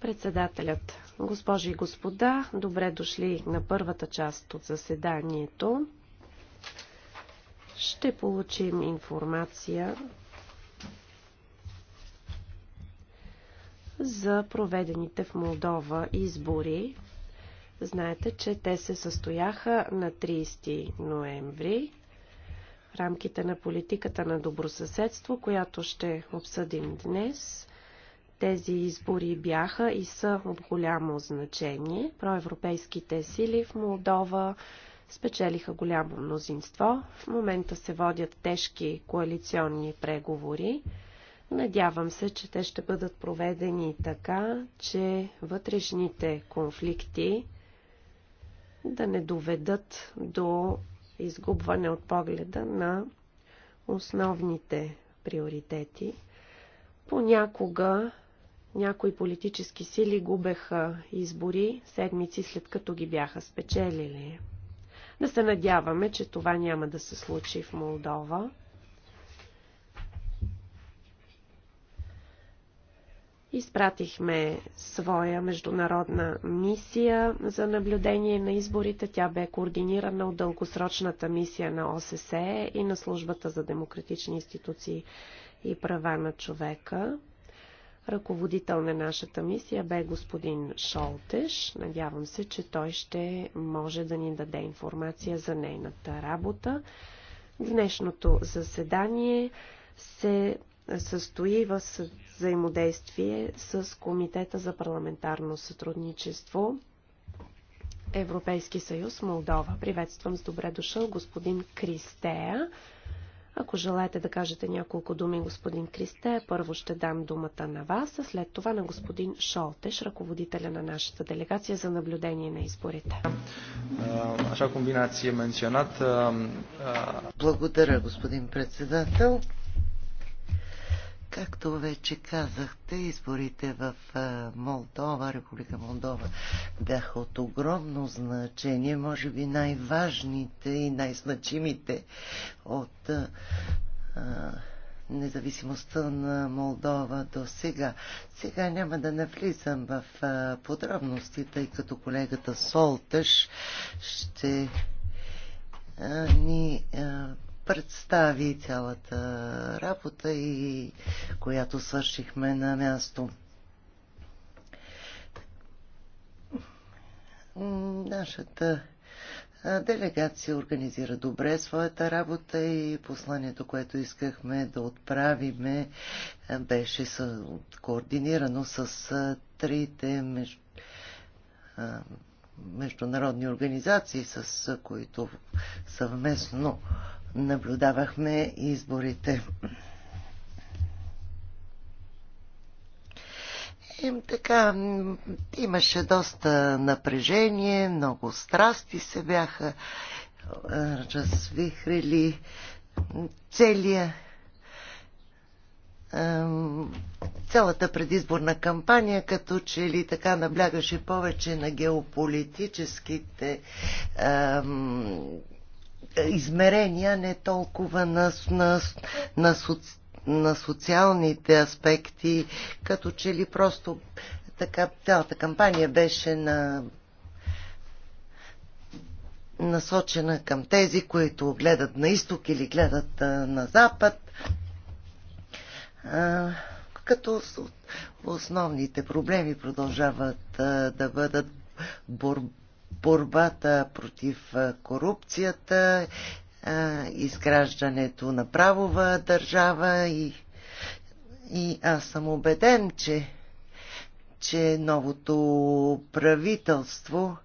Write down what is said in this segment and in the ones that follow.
Председателят, госпожи и господа, добре дошли на първата част от заседанието. Ще получим информация за проведените в Молдова избори. Знаете, че те се състояха на 30 ноември рамките на политиката на добросъседство, която ще обсъдим днес. Тези избори бяха и са от голямо значение. Проевропейските сили в Молдова спечелиха голямо мнозинство. В момента се водят тежки коалиционни преговори. Надявам се, че те ще бъдат проведени така, че вътрешните конфликти да не доведат до изгубване от погледа на основните приоритети. Понякога някои политически сили губеха избори седмици след като ги бяха спечелили. Да се надяваме, че това няма да се случи в Молдова. Изпратихме своя международна мисия за наблюдение на изборите. Тя бе координирана от дългосрочната мисия на ОССЕ и на Службата за демократични институции и права на човека. Ръководител на нашата мисия бе господин Шолтеш. Надявам се, че той ще може да ни даде информация за нейната работа. Днешното заседание се състои в взаимодействие с Комитета за парламентарно сътрудничество Европейски съюз Молдова. Приветствам с добре дошъл господин Кристея. Ако желаете да кажете няколко думи, господин Кристея, първо ще дам думата на вас, а след това на господин Шолтеш, ръководителя на нашата делегация за наблюдение на изборите. Е Благодаря, господин председател. Както вече казахте, изборите в Молдова, Република Молдова, бяха от огромно значение, може би най-важните и най-значимите от а, независимостта на Молдова до сега. Сега няма да навлизам в а, подробности, тъй като колегата Солтъш ще а, ни а, представи цялата работа и която свършихме на място. Нашата делегация организира добре своята работа и посланието, което искахме да отправиме, беше координирано с трите международни организации, с които съвместно наблюдавахме изборите. Им така, имаше доста напрежение, много страсти се бяха е, развихрили. Целия цялата предизборна кампания, като че ли така наблягаше повече на геополитическите е, измерения, не толкова на, на, на, соци, на социалните аспекти, като че ли просто така цялата кампания беше на насочена към тези, които гледат на изток или гледат а, на запад. А, като основните проблеми продължават а, да бъдат бор, борбата против корупцията, изграждането на правова държава и, и аз съм убеден, че, че новото правителство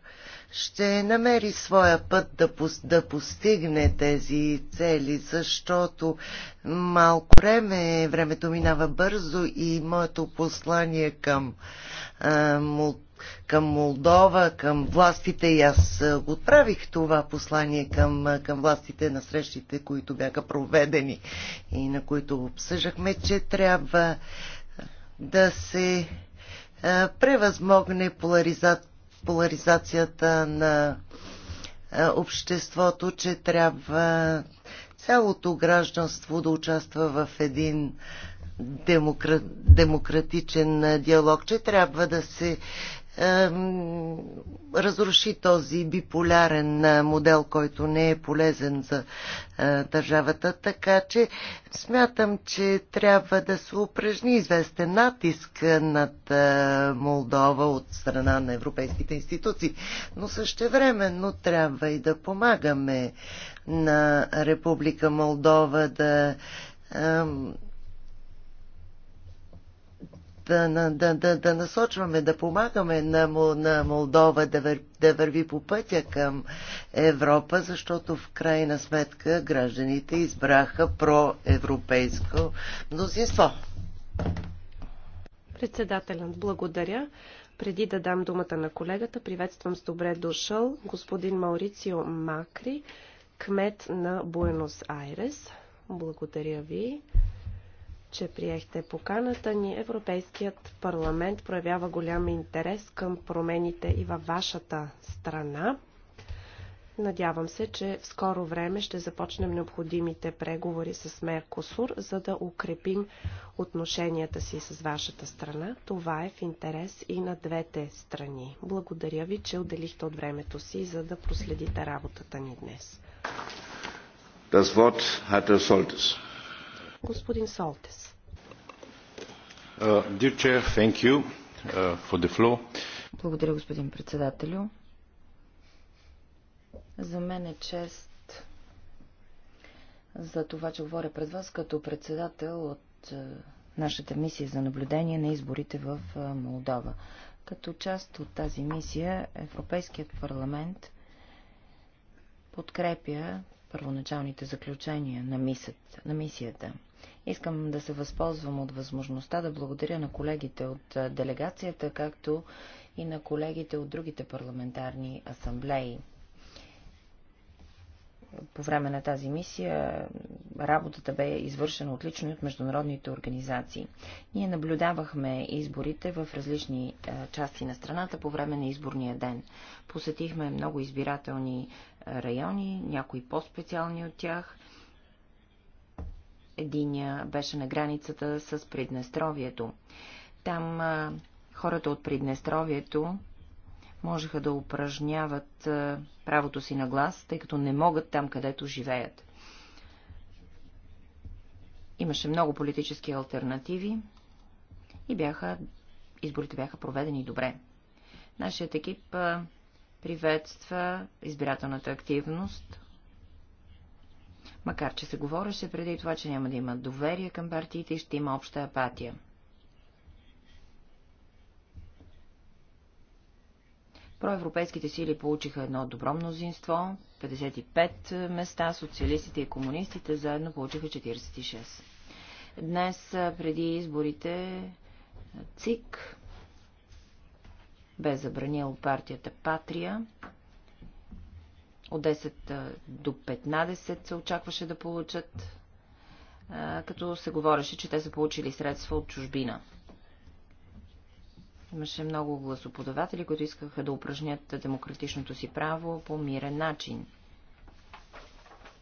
ще намери своя път да, да постигне тези цели, защото малко време, е, времето минава бързо и моето послание към а, мул, към Молдова, към властите и аз отправих това послание към, към властите на срещите, които бяха проведени и на които обсъждахме, че трябва да се превъзмогне полариза... поляризацията на обществото, че трябва цялото гражданство да участва в един демокра... демократичен диалог, че трябва да се разруши този биполярен модел, който не е полезен за държавата. Така че смятам, че трябва да се упражни известен натиск над Молдова от страна на европейските институции. Но същевременно трябва и да помагаме на Република Молдова да да, да, да, да насочваме, да помагаме на, на Молдова да, вър, да върви по пътя към Европа, защото в крайна сметка гражданите избраха проевропейско мнозинство. Председателят, благодаря. Преди да дам думата на колегата, приветствам с добре дошъл господин Маурицио Макри, кмет на Буенос Айрес. Благодаря ви че приехте поканата ни. Европейският парламент проявява голям интерес към промените и във вашата страна. Надявам се, че в скоро време ще започнем необходимите преговори с Меркосур, за да укрепим отношенията си с вашата страна. Това е в интерес и на двете страни. Благодаря ви, че отделихте от времето си, за да проследите работата ни днес. Das Wort hatte Soltes. Господин Солтес. Uh, uh, Благодаря, господин председателю. За мен е чест за това, че говоря пред вас като председател от е, нашата мисия за наблюдение на изборите в е, Молдова. Като част от тази мисия Европейският парламент подкрепя първоначалните заключения на мисията – Искам да се възползвам от възможността да благодаря на колегите от делегацията, както и на колегите от другите парламентарни асамблеи. По време на тази мисия работата бе извършена отлично и от международните организации. Ние наблюдавахме изборите в различни части на страната по време на изборния ден. Посетихме много избирателни райони, някои по-специални от тях – Единия беше на границата с Приднестровието. Там а, хората от Приднестровието можеха да упражняват а, правото си на глас, тъй като не могат там, където живеят. Имаше много политически альтернативи и бяха, изборите бяха проведени добре. Нашият екип а, приветства избирателната активност, Макар, че се говореше преди това, че няма да има доверие към партиите и ще има обща апатия. Проевропейските сили получиха едно добро мнозинство, 55 места, социалистите и комунистите заедно получиха 46. Днес, преди изборите, ЦИК бе забранил партията Патрия от 10 до 15 се очакваше да получат, като се говореше, че те са получили средства от чужбина. Имаше много гласоподаватели, които искаха да упражнят демократичното си право по мирен начин.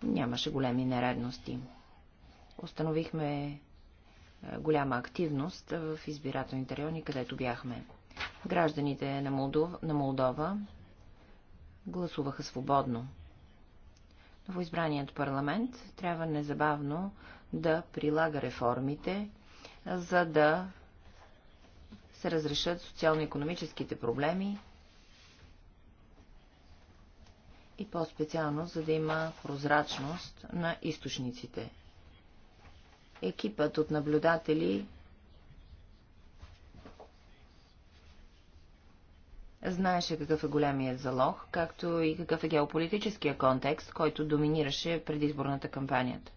Нямаше големи нередности. Установихме голяма активност в избирателните райони, където бяхме. Гражданите на Молдова, на Молдова гласуваха свободно. Новоизбраният парламент трябва незабавно да прилага реформите, за да се разрешат социално-економическите проблеми и по-специално, за да има прозрачност на източниците. Екипът от наблюдатели знаеше какъв е големият залог, както и какъв е геополитическия контекст, който доминираше предизборната кампанията.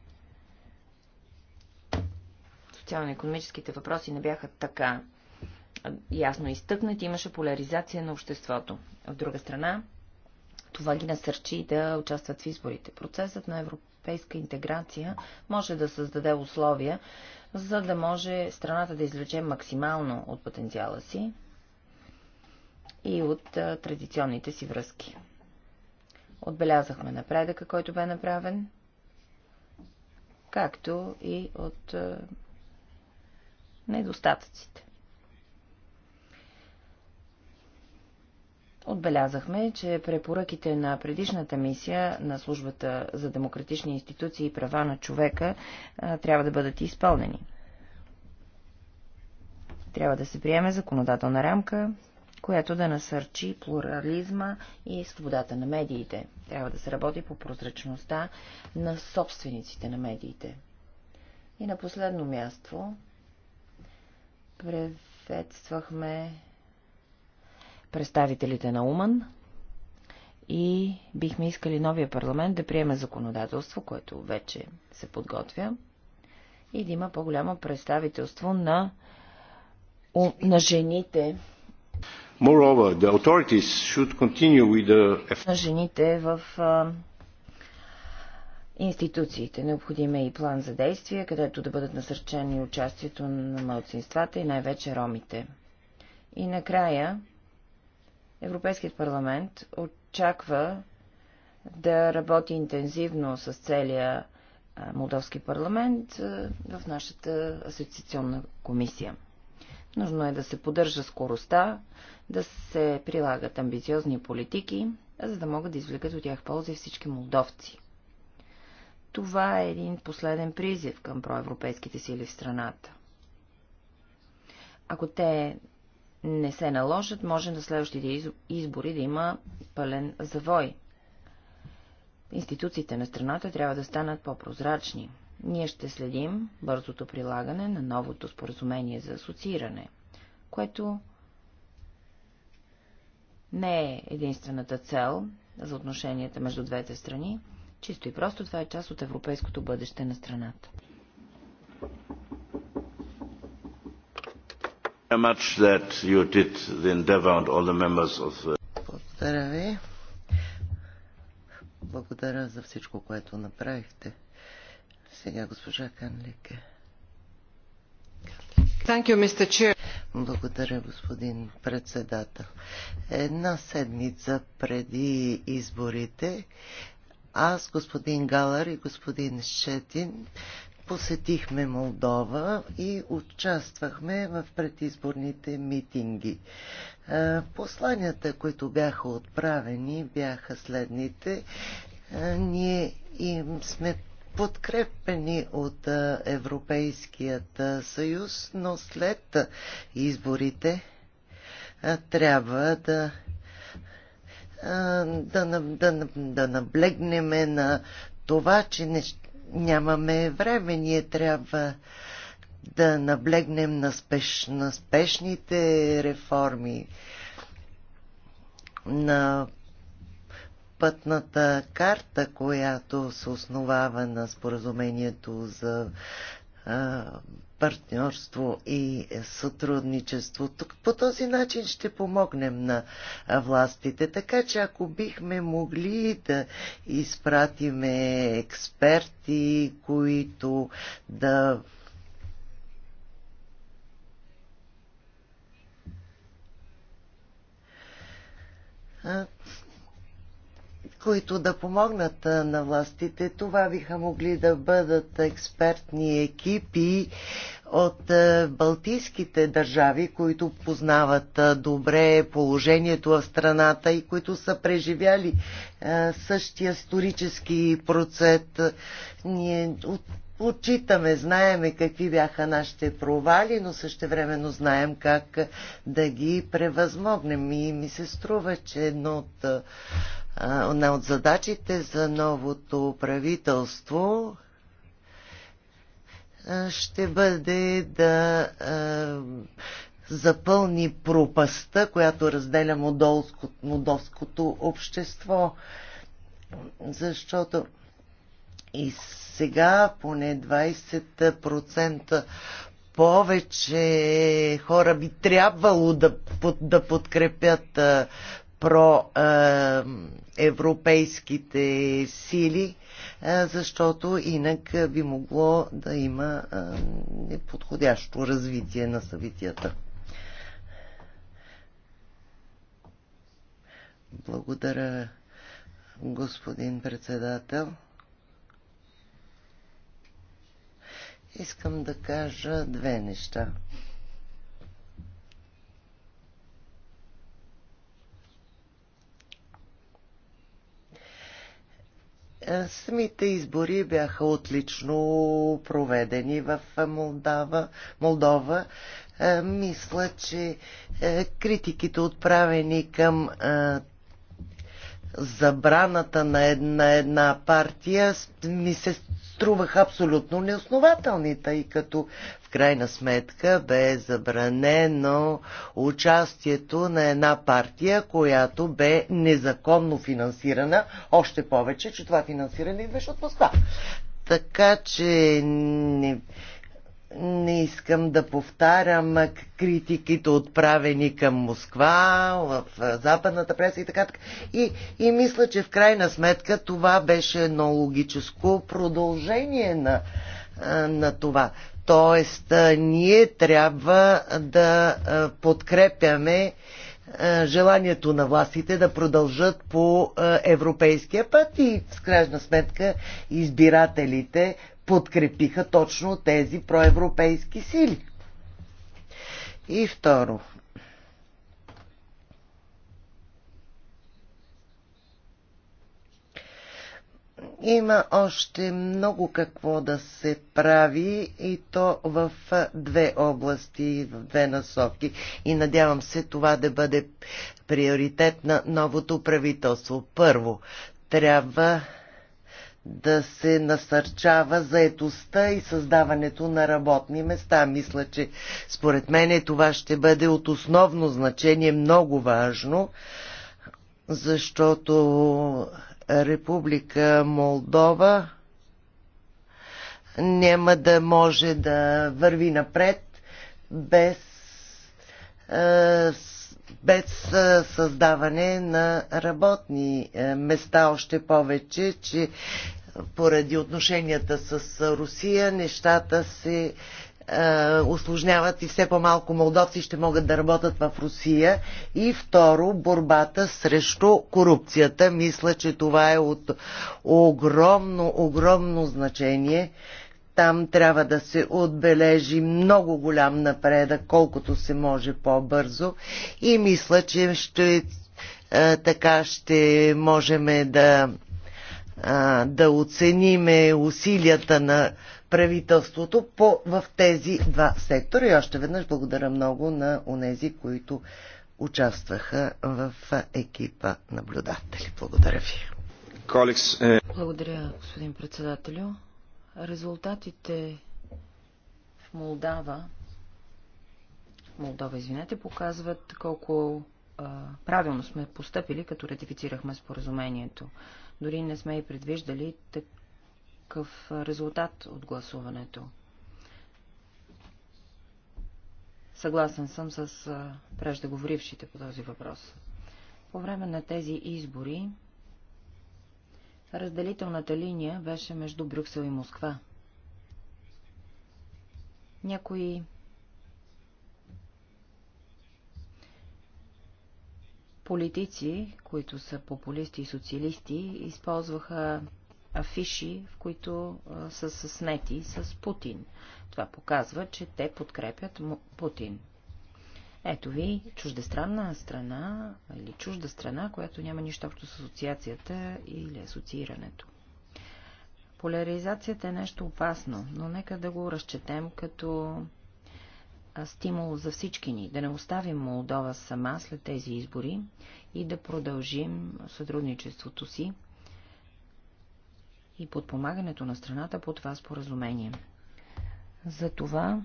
Социално-економическите въпроси не бяха така ясно изтъкнати, имаше поляризация на обществото. От друга страна, това ги насърчи да участват в изборите. Процесът на европейска интеграция може да създаде условия, за да може страната да извлече максимално от потенциала си, и от а, традиционните си връзки. Отбелязахме напредъка, който бе направен, както и от а, недостатъците. Отбелязахме, че препоръките на предишната мисия на Службата за демократични институции и права на човека а, трябва да бъдат изпълнени. Трябва да се приеме законодателна рамка, която да насърчи плурализма и свободата на медиите. Трябва да се работи по прозрачността на собствениците на медиите. И на последно място приветствахме представителите на Уман и бихме искали новия парламент да приеме законодателство, което вече се подготвя, и да има по-голямо представителство на, на жените Moreover, the authorities should continue with the... на жените в а, институциите. Необходим е и план за действие, където да бъдат насърчени участието на младсинствата и най-вече ромите. И накрая Европейският парламент очаква да работи интензивно с целия Молдовски парламент в нашата асоциационна комисия. Нужно е да се поддържа скоростта, да се прилагат амбициозни политики, за да могат да извлекат от тях ползи всички молдовци. Това е един последен призив към проевропейските сили в страната. Ако те не се наложат, може на следващите избори да има пълен завой. Институциите на страната трябва да станат по-прозрачни, ние ще следим бързото прилагане на новото споразумение за асоцииране, което не е единствената цел за отношенията между двете страни, чисто и просто това е част от европейското бъдеще на страната. Uh, Благодаря ви. Благодаря за всичко, което направихте. Сега госпожа Канлике. Благодаря, господин председател. Една седмица преди изборите аз, господин Галар и господин Шетин, посетихме Молдова и участвахме в предизборните митинги. Посланията, които бяха отправени, бяха следните. Ние им сме подкрепени от Европейският съюз, но след изборите трябва да да, да, да наблегнем на това, че не, нямаме време. Ние трябва да наблегнем на, спеш, на спешните реформи, на пътната карта, която се основава на споразумението за партньорство и сътрудничество. Тук по този начин ще помогнем на властите, така че ако бихме могли да изпратиме експерти, които да които да помогнат на властите. Това биха могли да бъдат експертни екипи от балтийските държави, които познават добре положението в страната и които са преживяли същия исторически процес. Ние от Отчитаме, знаеме какви бяха нашите провали, но същевременно знаем как да ги превъзмогнем. И ми се струва, че едно от, една от задачите за новото правителство ще бъде да запълни пропаста, която разделя модолско, модовското общество. Защото и сега поне 20% повече хора би трябвало да, да подкрепят проевропейските сили, защото инак би могло да има неподходящо развитие на събитията. Благодаря, господин председател. Искам да кажа две неща. Е, самите избори бяха отлично проведени в Молдава, Молдова. Е, мисля, че е, критиките отправени към забраната на една, една партия ми се струваха абсолютно неоснователни, тъй като в крайна сметка бе забранено участието на една партия, която бе незаконно финансирана, още повече, че това финансиране идваше от Москва. Така че не, не искам да повтарям критиките отправени към Москва, в западната преса и така. така. И, и мисля, че в крайна сметка това беше едно логическо продължение на, на това. Тоест, ние трябва да подкрепяме желанието на властите да продължат по европейския път и в крайна сметка избирателите подкрепиха точно тези проевропейски сили. И второ, има още много какво да се прави и то в две области, в две насоки. И надявам се това да бъде приоритет на новото правителство. Първо, трябва да се насърчава заетостта и създаването на работни места. Мисля, че според мен това ще бъде от основно значение, много важно, защото Република Молдова няма да може да върви напред без, е, без е, създаване на работни е, места. Още повече, че поради отношенията с Русия нещата се е, осложняват и все по-малко молдовци ще могат да работят в Русия. И второ, борбата срещу корупцията. Мисля, че това е от огромно, огромно значение. Там трябва да се отбележи много голям напредък, колкото се може по-бързо. И мисля, че ще, е, така ще можем да да оцениме усилията на правителството по, в тези два сектора. И още веднъж благодаря много на онези, които участваха в екипа наблюдатели. Благодаря ви. Колекс, е... Благодаря, господин председателю. Резултатите в Молдава, Молдова, извинете, показват колко а, правилно сме постъпили, като ратифицирахме споразумението. Дори не сме и предвиждали такъв резултат от гласуването. Съгласен съм с преждеговорившите по този въпрос. По време на тези избори разделителната линия беше между Брюксел и Москва. Някои Политици, които са популисти и социалисти, използваха афиши, в които са съснети с Путин. Това показва, че те подкрепят Путин. Ето ви чуждестранна страна или чужда страна, която няма нищо общо с асоциацията или асоциирането. Поляризацията е нещо опасно, но нека да го разчетем като стимул за всички ни, да не оставим Молдова сама след тези избори и да продължим сътрудничеството си и подпомагането на страната по това споразумение. Затова,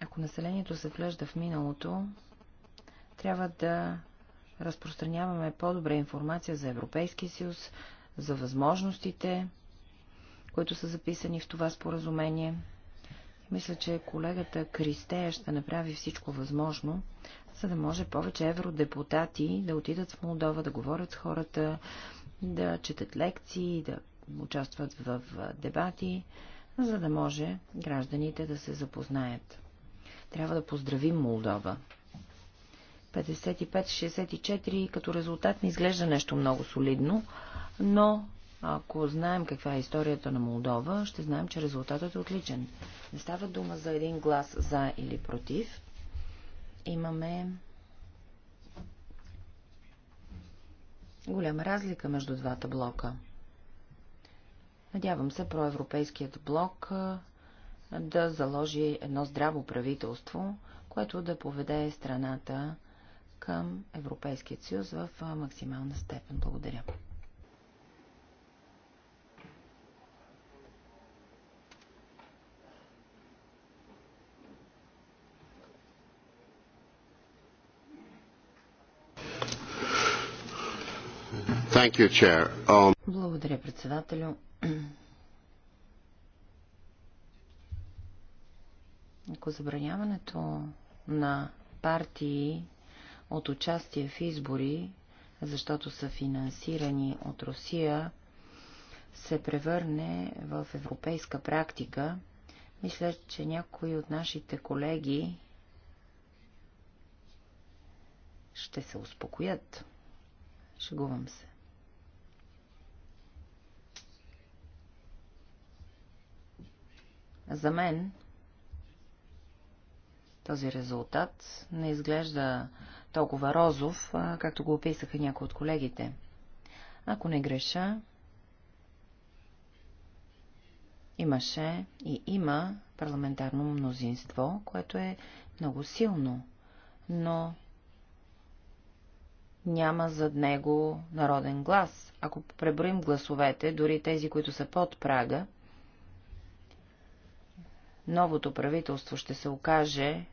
ако населението се влежда в миналото, трябва да разпространяваме по-добре информация за Европейския съюз, за възможностите, които са записани в това споразумение. Мисля, че колегата Кристея ще направи всичко възможно, за да може повече евродепутати да отидат в Молдова, да говорят с хората, да четат лекции, да участват в дебати, за да може гражданите да се запознаят. Трябва да поздравим Молдова. 55-64 като резултат не изглежда нещо много солидно, но ако знаем каква е историята на Молдова, ще знаем, че резултатът е отличен. Не става дума за един глас за или против. Имаме голяма разлика между двата блока. Надявам се проевропейският блок да заложи едно здраво правителство, което да поведе страната към Европейският съюз в максимална степен. Благодаря. You, um... Благодаря, председателю. Ако забраняването на партии от участие в избори, защото са финансирани от Русия, се превърне в европейска практика, мисля, че някои от нашите колеги ще се успокоят. Шегувам се. За мен този резултат не изглежда толкова розов, както го описаха някои от колегите. Ако не греша, имаше и има парламентарно мнозинство, което е много силно, но няма зад него народен глас. Ако преброим гласовете, дори тези, които са под прага, новото правителство ще се окаже е,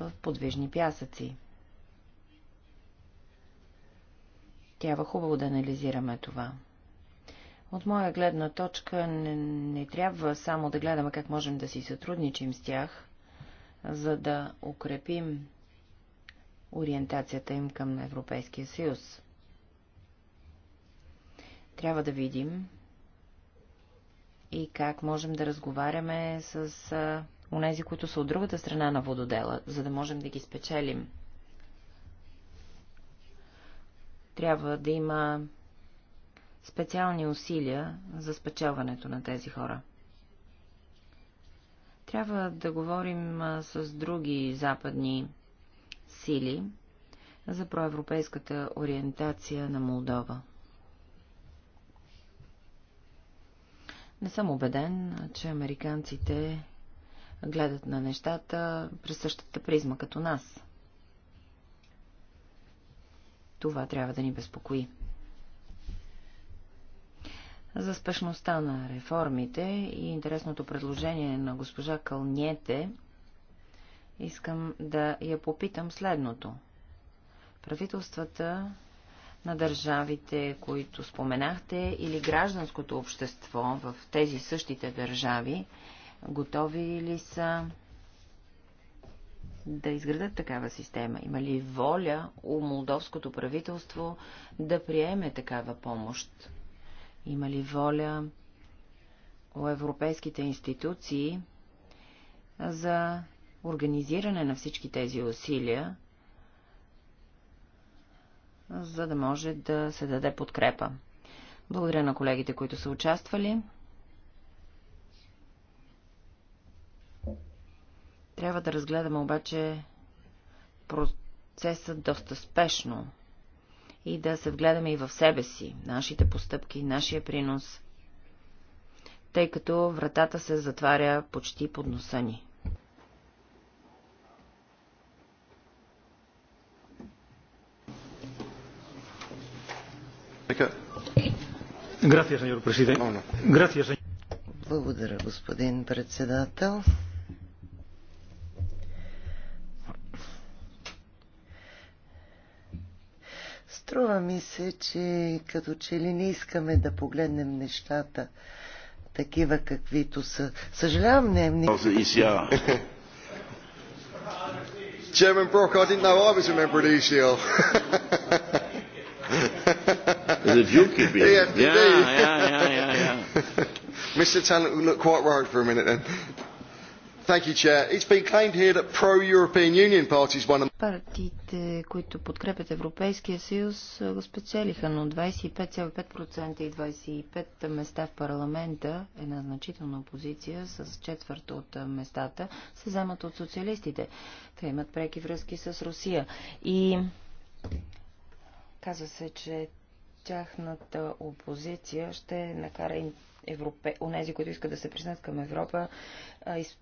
в подвижни пясъци. Трябва хубаво да анализираме това. От моя гледна точка не, не трябва само да гледаме как можем да си сътрудничим с тях, за да укрепим ориентацията им към Европейския съюз. Трябва да видим и как можем да разговаряме с онези, които са от другата страна на вододела, за да можем да ги спечелим. Трябва да има специални усилия за спечелването на тези хора. Трябва да говорим с други западни сили за проевропейската ориентация на Молдова. Не съм убеден, че американците гледат на нещата през същата призма като нас. Това трябва да ни безпокои. За спешността на реформите и интересното предложение на госпожа Кълнете, искам да я попитам следното. Правителствата на държавите, които споменахте, или гражданското общество в тези същите държави, готови ли са да изградат такава система? Има ли воля у молдовското правителство да приеме такава помощ? Има ли воля у европейските институции за организиране на всички тези усилия за да може да се даде подкрепа. Благодаря на колегите, които са участвали. Трябва да разгледаме обаче процеса доста спешно и да се вгледаме и в себе си, нашите постъпки, нашия принос, тъй като вратата се затваря почти под носа ни. Благодаря, господин председател. Струва ми се, че като че ли не искаме да погледнем нещата такива каквито са. Съжалявам, не е Chairman Brock, I didn't know I was a member of the ECL. the viewkeeping. yeah, yeah, yeah, yeah, yeah. Mr. Tannock look quite worried for a minute then. Thank you, Chair. It's been claimed here that pro-European Union parties won... Партиите, които подкрепят Европейския съюз, е, го спечелиха, но 25,5% и 25 места в парламента, една значителна опозиция с четвърт от е, местата, се вземат от социалистите. Те имат преки връзки с Русия. И казва се, че тяхната опозиция ще накара европе... онези, които искат да се признат към Европа,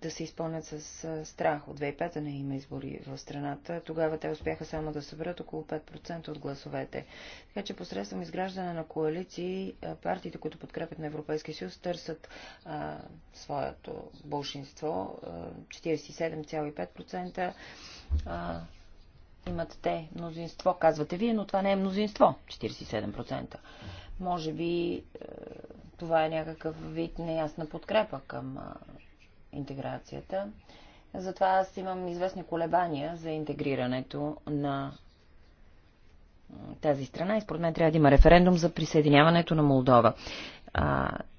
да се изпълнят с страх. От 2005-та не има избори в страната. Тогава те успяха само да съберат около 5% от гласовете. Така че посредством изграждане на коалиции, партиите, които подкрепят на Европейския съюз, търсят а, своето болшинство. 47,5% имат те мнозинство, казвате вие, но това не е мнозинство, 47%. Може би е, това е някакъв вид неясна подкрепа към е, интеграцията. Затова аз имам известни колебания за интегрирането на е, тази страна и според мен трябва да има референдум за присъединяването на Молдова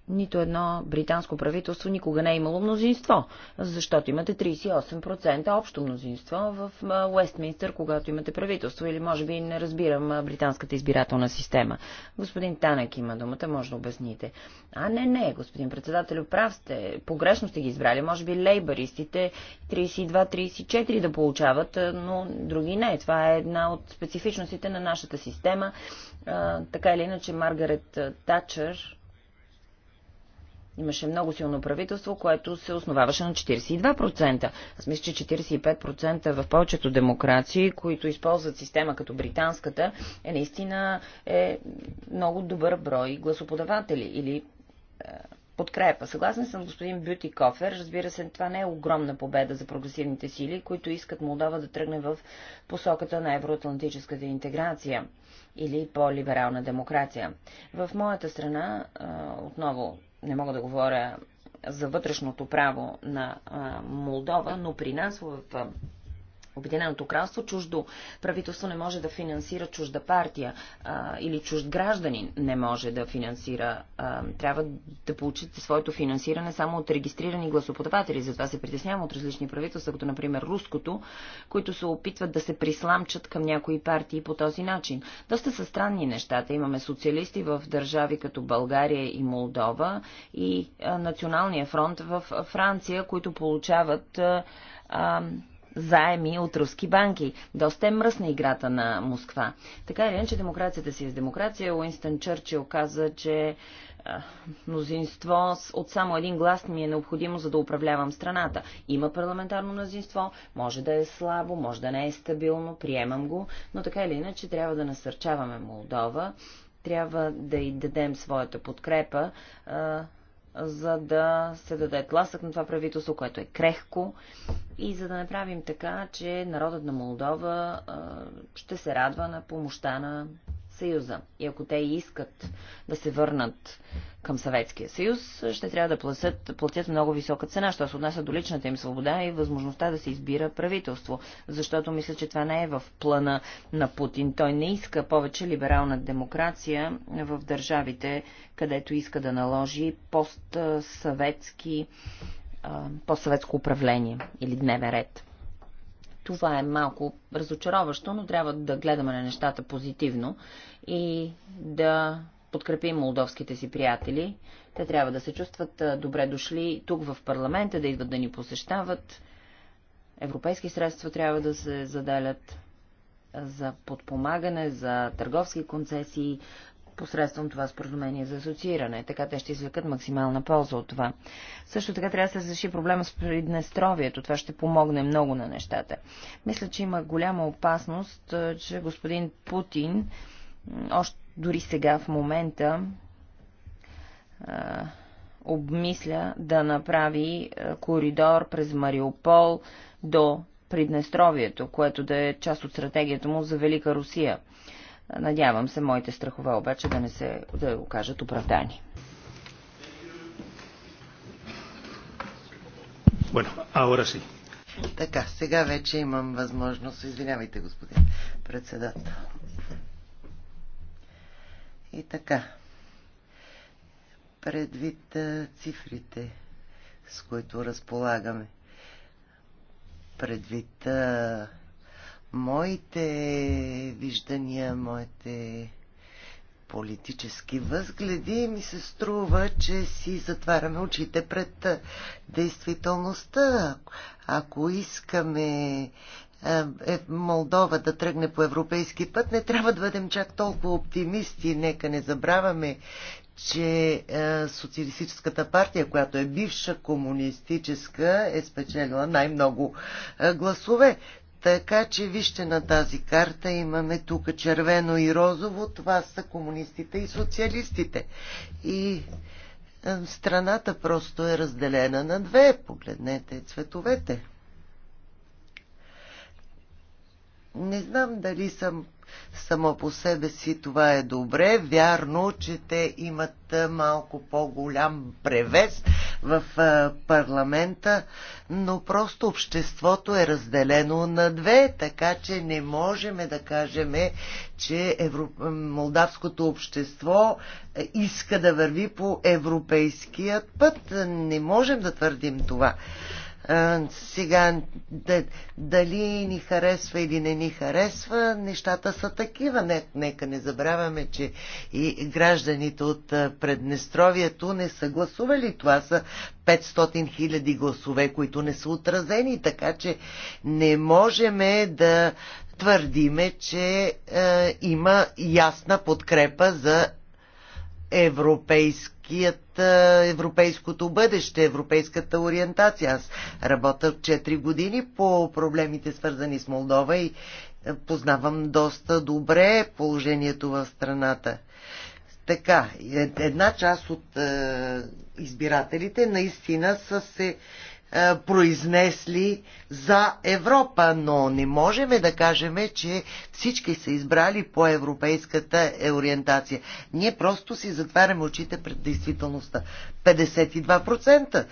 нито едно британско правителство никога не е имало мнозинство, защото имате 38% общо мнозинство в Уестминстър, когато имате правителство, или може би не разбирам британската избирателна система. Господин Танък има думата, може да обясните. А не, не, господин председател, прав сте, погрешно сте ги избрали, може би лейбаристите 32-34 да получават, но други не. Това е една от специфичностите на нашата система. така или иначе, Маргарет Тачър Имаше много силно правителство, което се основаваше на 42%. Аз мисля, че 45% в повечето демокрации, които използват система като британската, е наистина е много добър брой гласоподаватели или е, подкрепа. Съгласен съм господин Бюти Кофер. Разбира се, това не е огромна победа за прогресивните сили, които искат Молдова да тръгне в посоката на евроатлантическата интеграция или по-либерална демокрация. В моята страна, е, отново не мога да говоря за вътрешното право на Молдова, но при нас в Обединеното кралство, чуждо правителство не може да финансира чужда партия а, или чужд гражданин не може да финансира. А, трябва да получите своето финансиране само от регистрирани гласоподаватели. Затова се притеснявам от различни правителства, като например руското, които се опитват да се присламчат към някои партии по този начин. Доста са странни нещата. Имаме социалисти в държави като България и Молдова и а, Националния фронт в Франция, които получават. А, а, заеми от руски банки. Доста е мръсна играта на Москва. Така или иначе, демокрацията си е с демокрация. Уинстън Чърчил каза, че мнозинство от само един глас ми е необходимо, за да управлявам страната. Има парламентарно мнозинство, може да е слабо, може да не е стабилно, приемам го, но така или иначе трябва да насърчаваме Молдова, трябва да й дадем своята подкрепа, за да се даде тласък на това правителство, което е крехко и за да направим така, че народът на Молдова ще се радва на помощта на съюза. И ако те искат да се върнат към Съветския съюз, ще трябва да платят, платят много висока цена, що се отнася до личната им свобода и възможността да се избира правителство. Защото мисля, че това не е в плана на Путин. Той не иска повече либерална демокрация в държавите, където иска да наложи постсъветски постсъветско управление или дневен ред. Това е малко разочароващо, но трябва да гледаме на нещата позитивно и да подкрепим молдовските си приятели. Те трябва да се чувстват добре дошли тук в парламента, да идват да ни посещават. Европейски средства трябва да се заделят за подпомагане, за търговски концесии, посредством това споразумение за асоцииране. Така те ще извлекат максимална полза от това. Също така трябва да се разреши проблема с Приднестровието. Това ще помогне много на нещата. Мисля, че има голяма опасност, че господин Путин още дори сега в момента обмисля да направи коридор през Мариупол до Приднестровието, което да е част от стратегията му за Велика Русия. Надявам се моите страхове обаче да не се да окажат оправдани. Bueno, ahora sí. Така, сега вече имам възможност. Извинявайте, господин председател. И така, предвид цифрите, с които разполагаме, предвид моите виждания, моите политически възгледи, ми се струва, че си затваряме очите пред действителността. Ако искаме е Молдова да тръгне по европейски път, не трябва да бъдем чак толкова оптимисти. Нека не забравяме, че е, Социалистическата партия, която е бивша комунистическа, е спечелила най-много е, гласове. Така че вижте на тази карта, имаме тук червено и розово, това са комунистите и социалистите. И е, страната просто е разделена на две. Погледнете цветовете. Не знам дали съм само по себе си това е добре. Вярно, че те имат е, малко по-голям превес, в парламента, но просто обществото е разделено на две, така че не можем да кажем, че евро... молдавското общество иска да върви по европейският път. Не можем да твърдим това сега дали ни харесва или не ни харесва, нещата са такива. Не, нека не забравяме, че и гражданите от Преднестровието не са гласували. Това са 500 хиляди гласове, които не са отразени, така че не можеме да твърдиме, че а, има ясна подкрепа за европейска европейският, европейското бъдеще, европейската ориентация. Аз работя 4 години по проблемите свързани с Молдова и познавам доста добре положението в страната. Така, е, една част от избирателите наистина са се е, произнесли за Европа, но не можем да кажем, че всички са избрали по европейската ориентация. Ние просто си затваряме очите пред действителността. 52%.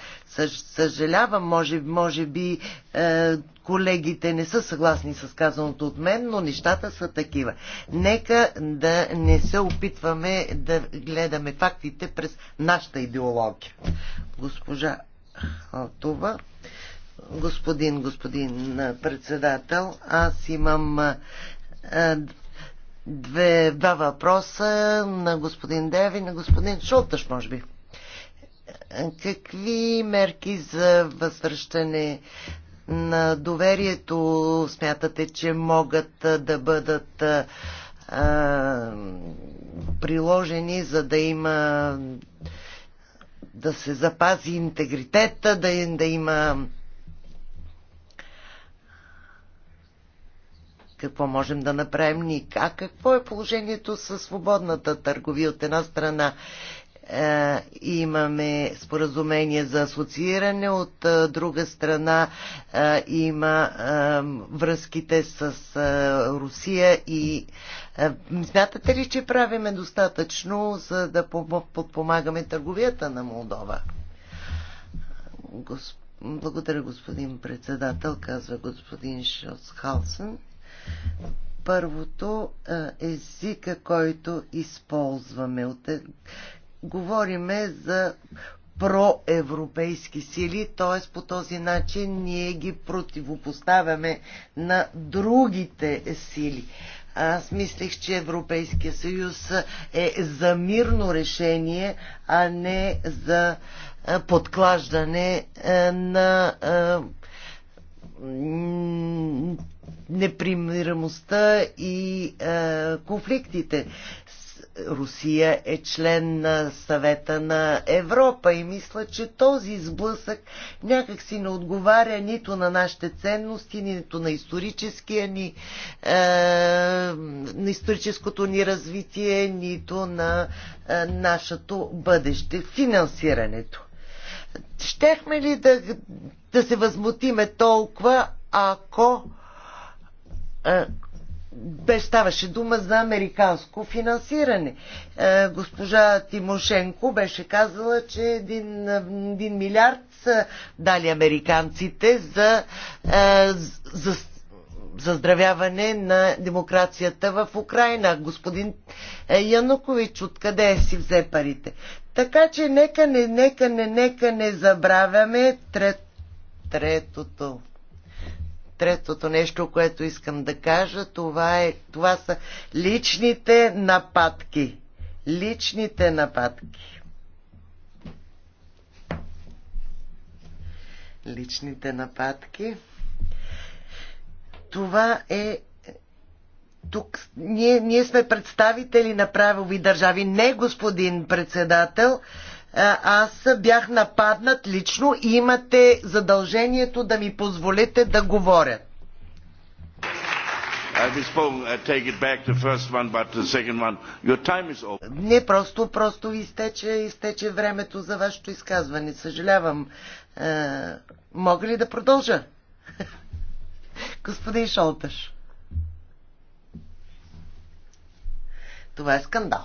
съжалявам, може, може би е, колегите не са съгласни с казаното от мен, но нещата са такива. Нека да не се опитваме да гледаме фактите през нашата идеология. Госпожа Халтова. Господин, господин председател, аз имам две, два въпроса на господин Деви и на господин Шолташ, може би. Какви мерки за възвръщане на доверието смятате, че могат да бъдат а, приложени, за да има да се запази интегритета, да, да има какво можем да направим ни, какво е положението със свободната търговия от една страна е, имаме споразумение за асоцииране, от е, друга страна е, има връзките с Русия и смятате ли, че правиме достатъчно за да подпомагаме търговията на Молдова? Благодаря, господин председател, казва господин Шосхалсен. Първото езика, който използваме от говориме за проевропейски сили, т.е. по този начин ние ги противопоставяме на другите сили. Аз мислех, че Европейския съюз е за мирно решение, а не за подклаждане на непримиримостта и конфликтите. Русия е член на съвета на Европа и мисля, че този сблъсък някакси не отговаря нито на нашите ценности, нито на историческия ни, е, на историческото ни развитие, нито на е, нашето бъдеще, финансирането. Щехме ли да, да се възмутиме толкова, ако е, бе ставаше дума за американско финансиране. Е, госпожа Тимошенко беше казала, че един, един милиард са дали американците за, е, за заздравяване на демокрацията в Украина. Господин е, Янукович, откъде си взе парите? Така че нека не, нека не, нека не забравяме трет, третото Третото нещо, което искам да кажа, това, е, това са личните нападки. Личните нападки. Личните нападки. Това е тук ние, ние сме представители на правови държави. Не, господин председател, аз бях нападнат лично и имате задължението да ми позволите да говоря. Не, просто, просто изтече, изтече времето за вашето изказване. Съжалявам. Е, мога ли да продължа? Господин Шолташ. Това е скандал.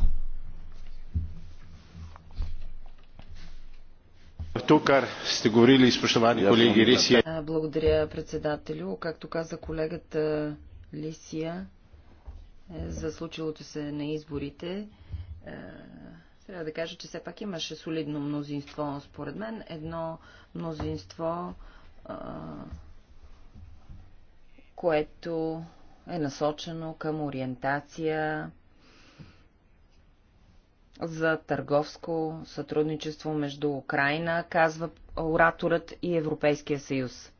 To, kar ste govorili, spoštovani kolegi, res Благодаря председателю. Както каза колегата Лисия, е, за случилото се на изборите, е, трябва да кажа, че все пак имаше солидно мнозинство, според мен. Едно мнозинство, което е насочено към ориентация за търговско сътрудничество между Украина, казва ораторът и Европейския съюз.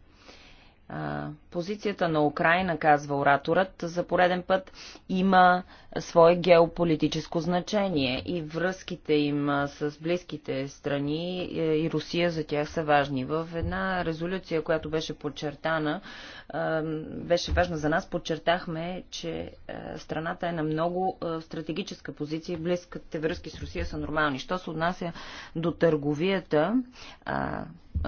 Позицията на Украина, казва ораторът, за пореден път има свое геополитическо значение и връзките им с близките страни е, и Русия за тях са важни. В една резолюция, която беше подчертана, беше важна за нас, подчертахме, че страната е на много стратегическа позиция и близките връзки с Русия са нормални. Що се отнася до търговията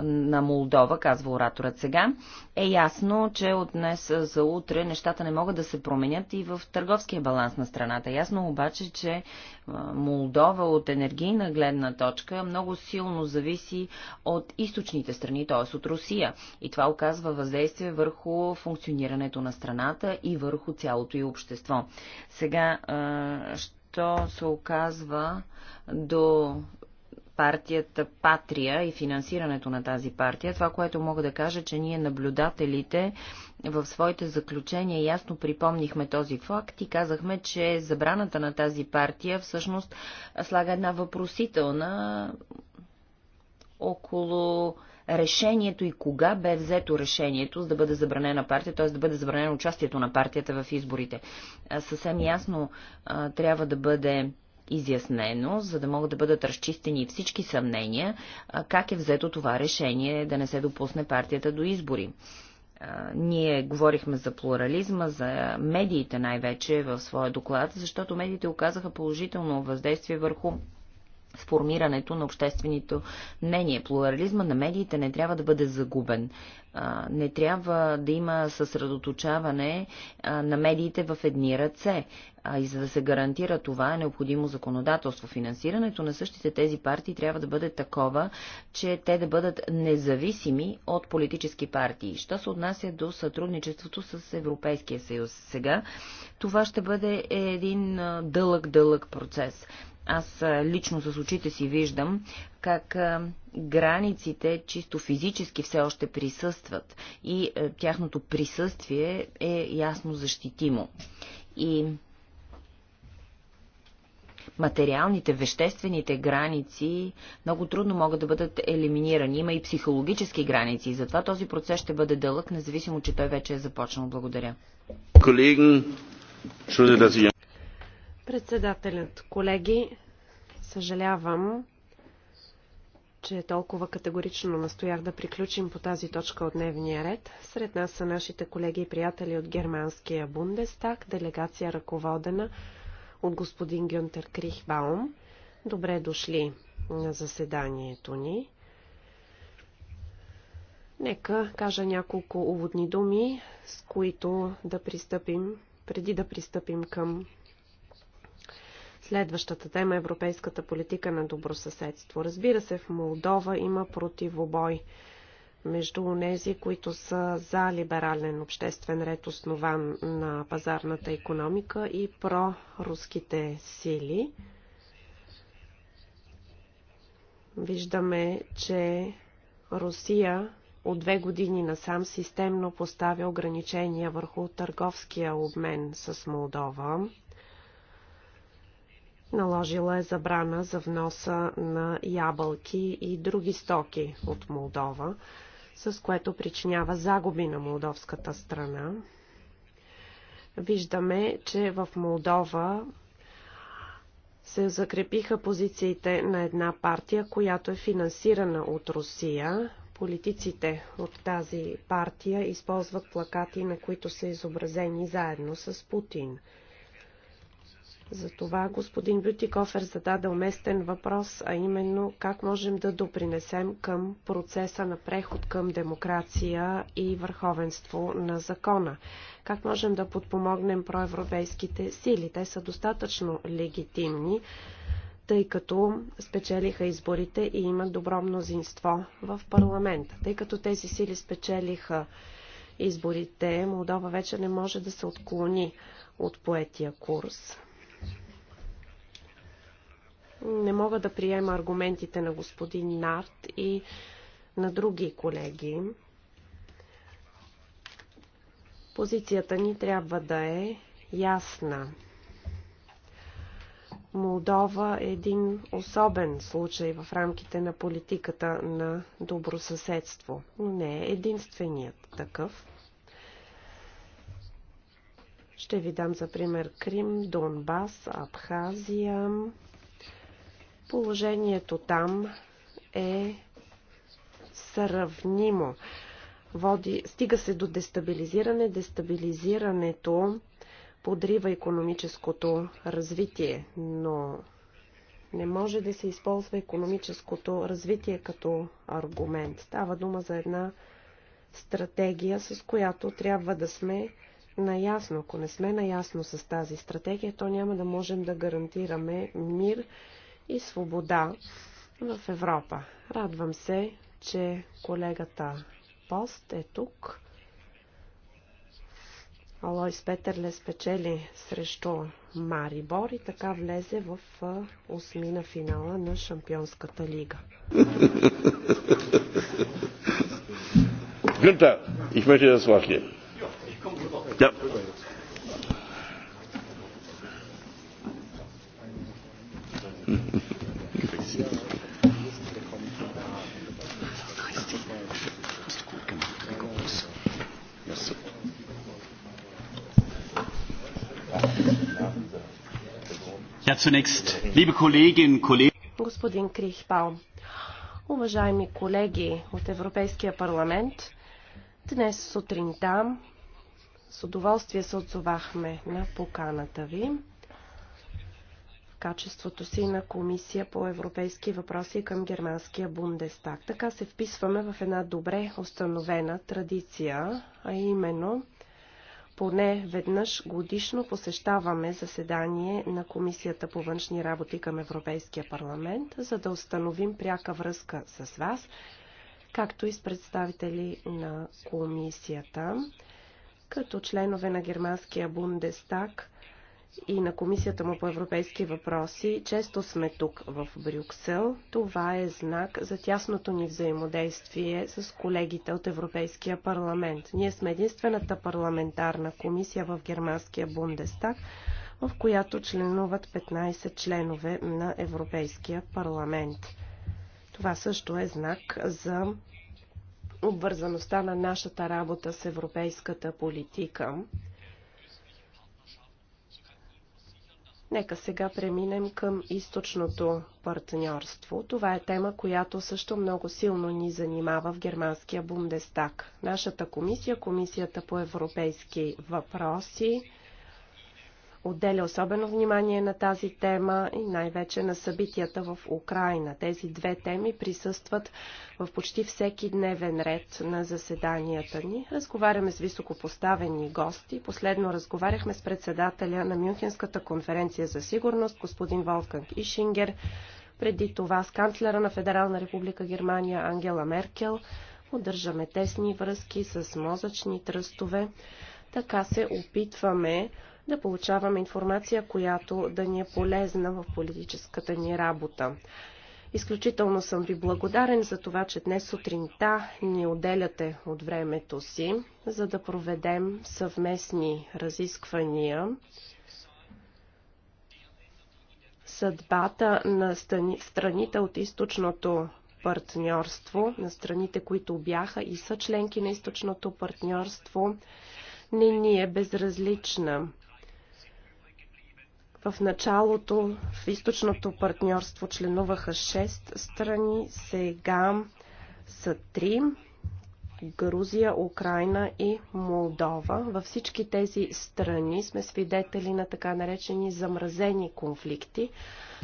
на Молдова, казва ораторът сега, е ясно, че от днес за утре нещата не могат да се променят и в търговския баланс на страната страната. Ясно обаче, че Молдова от енергийна гледна точка много силно зависи от източните страни, т.е. от Русия. И това оказва въздействие върху функционирането на страната и върху цялото и общество. Сега, що се оказва до партията Патрия и финансирането на тази партия, това, което мога да кажа, че ние наблюдателите в своите заключения ясно припомнихме този факт и казахме, че забраната на тази партия всъщност слага една въпросителна около решението и кога бе взето решението за да бъде забранена партия, т.е. да бъде забранено участието на партията в изборите. Съвсем ясно трябва да бъде изяснено, за да могат да бъдат разчистени всички съмнения, как е взето това решение да не се допусне партията до избори. Ние говорихме за плурализма, за медиите най-вече в своя доклад, защото медиите оказаха положително въздействие върху в формирането на общественото мнение. Плурализма на медиите не трябва да бъде загубен. Не трябва да има съсредоточаване на медиите в едни ръце. И за да се гарантира това е необходимо законодателство. Финансирането на същите тези партии трябва да бъде такова, че те да бъдат независими от политически партии. Що се отнася до сътрудничеството с Европейския съюз сега, това ще бъде един дълъг-дълъг процес. Аз лично с очите си виждам как границите чисто физически все още присъстват и тяхното присъствие е ясно защитимо. И материалните, веществените граници много трудно могат да бъдат елиминирани. Има и психологически граници. Затова този процес ще бъде дълъг, независимо, че той вече е започнал. Благодаря. Колеги, Председателят, колеги, съжалявам, че толкова категорично настоях да приключим по тази точка от дневния ред. Сред нас са нашите колеги и приятели от германския Бундестаг, делегация ръководена от господин Гюнтер Крихбаум. Добре дошли на заседанието ни. Нека кажа няколко уводни думи, с които да пристъпим, преди да пристъпим към Следващата тема е европейската политика на добросъседство. Разбира се, в Молдова има противобой между тези, които са за либерален обществен ред, основан на пазарната економика и проруските сили. Виждаме, че Русия от две години насам системно поставя ограничения върху търговския обмен с Молдова. Наложила е забрана за вноса на ябълки и други стоки от Молдова, с което причинява загуби на молдовската страна. Виждаме, че в Молдова се закрепиха позициите на една партия, която е финансирана от Русия. Политиците от тази партия използват плакати, на които са изобразени заедно с Путин – затова господин Бютикофер зададе уместен въпрос, а именно как можем да допринесем към процеса на преход към демокрация и върховенство на закона. Как можем да подпомогнем проевропейските сили? Те са достатъчно легитимни, тъй като спечелиха изборите и имат добро мнозинство в парламента. Тъй като тези сили спечелиха изборите, Молдова вече не може да се отклони от поетия курс. Не мога да приема аргументите на господин Нарт и на други колеги. Позицията ни трябва да е ясна. Молдова е един особен случай в рамките на политиката на добросъседство, но не е единственият такъв. Ще ви дам за пример Крим, Донбас, Абхазия, Положението там е сравнимо. Води, стига се до дестабилизиране. Дестабилизирането подрива економическото развитие, но не може да се използва економическото развитие като аргумент. Става дума за една стратегия, с която трябва да сме наясно. Ако не сме наясно с тази стратегия, то няма да можем да гарантираме мир и свобода в Европа. Радвам се, че колегата Пост е тук. Алойс Петърле спечели срещу Мари Бор и така влезе в осмина финала на Шампионската лига. Гюнтер, ich möchte das Wort geben. Ja. Господин Крихпал, уважаеми колеги от Европейския парламент, днес сутринта с удоволствие се отзовахме на поканата ви в качеството си на комисия по европейски въпроси към германския Бундестаг. Така се вписваме в една добре установена традиция, а именно поне веднъж годишно посещаваме заседание на Комисията по външни работи към Европейския парламент, за да установим пряка връзка с вас, както и с представители на комисията. Като членове на германския Бундестаг – и на Комисията му по европейски въпроси. Често сме тук в Брюксел. Това е знак за тясното ни взаимодействие с колегите от Европейския парламент. Ние сме единствената парламентарна комисия в германския Бундестаг, в която членуват 15 членове на Европейския парламент. Това също е знак за обвързаността на нашата работа с европейската политика. Нека сега преминем към източното партньорство. Това е тема, която също много силно ни занимава в германския Бундестаг. Нашата комисия, Комисията по европейски въпроси, отделя особено внимание на тази тема и най-вече на събитията в Украина. Тези две теми присъстват в почти всеки дневен ред на заседанията ни. Разговаряме с високопоставени гости. Последно разговаряхме с председателя на Мюнхенската конференция за сигурност, господин Волфганг Ишингер, преди това с канцлера на Федерална република Германия Ангела Меркел. Поддържаме тесни връзки с мозъчни тръстове, така се опитваме да получаваме информация, която да ни е полезна в политическата ни работа. Изключително съм ви благодарен за това, че днес сутринта ни отделяте от времето си, за да проведем съвместни разисквания. Съдбата на страните от източното партньорство, на страните, които бяха и са членки на източното партньорство, не ни е безразлична. В началото в източното партньорство членуваха 6 страни, сега са 3 Грузия, Украина и Молдова. Във всички тези страни сме свидетели на така наречени замразени конфликти.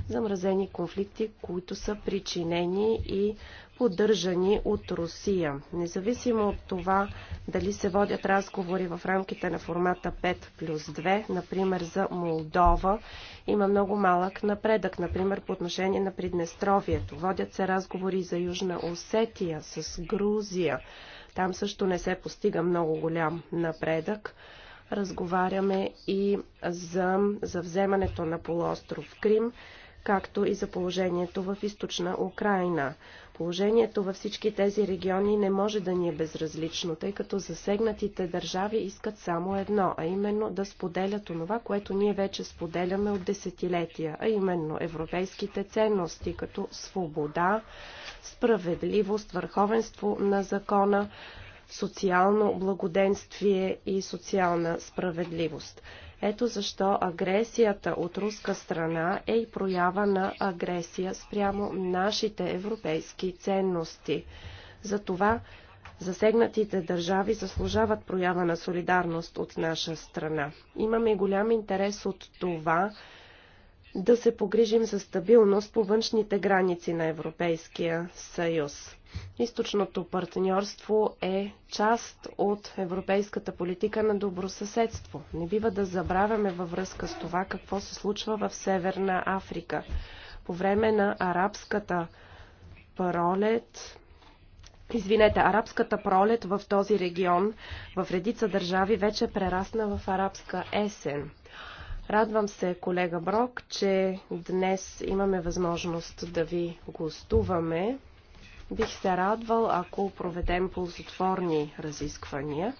Замразени конфликти, които са причинени и поддържани от Русия. Независимо от това дали се водят разговори в рамките на формата 5 плюс 2, например за Молдова, има много малък напредък, например по отношение на Приднестровието. Водят се разговори за Южна Осетия, с Грузия. Там също не се постига много голям напредък разговаряме и за, за вземането на полуостров Крим както и за положението в източна Украина. Положението във всички тези региони не може да ни е безразлично, тъй като засегнатите държави искат само едно, а именно да споделят онова, което ние вече споделяме от десетилетия, а именно европейските ценности, като свобода, справедливост, върховенство на закона, социално благоденствие и социална справедливост. Ето защо агресията от руска страна е и проява на агресия спрямо нашите европейски ценности. Затова Засегнатите държави заслужават проява на солидарност от наша страна. Имаме голям интерес от това да се погрижим за стабилност по външните граници на Европейския съюз. Източното партньорство е част от европейската политика на добросъседство. Не бива да забравяме във връзка с това какво се случва в Северна Африка. По време на арабската пролет, извинете, арабската пролет в този регион в редица държави вече прерасна в арабска есен – Радвам се, колега Брок, че днес имаме възможност да ви гостуваме. Бих се радвал, ако проведем ползотворни разисквания.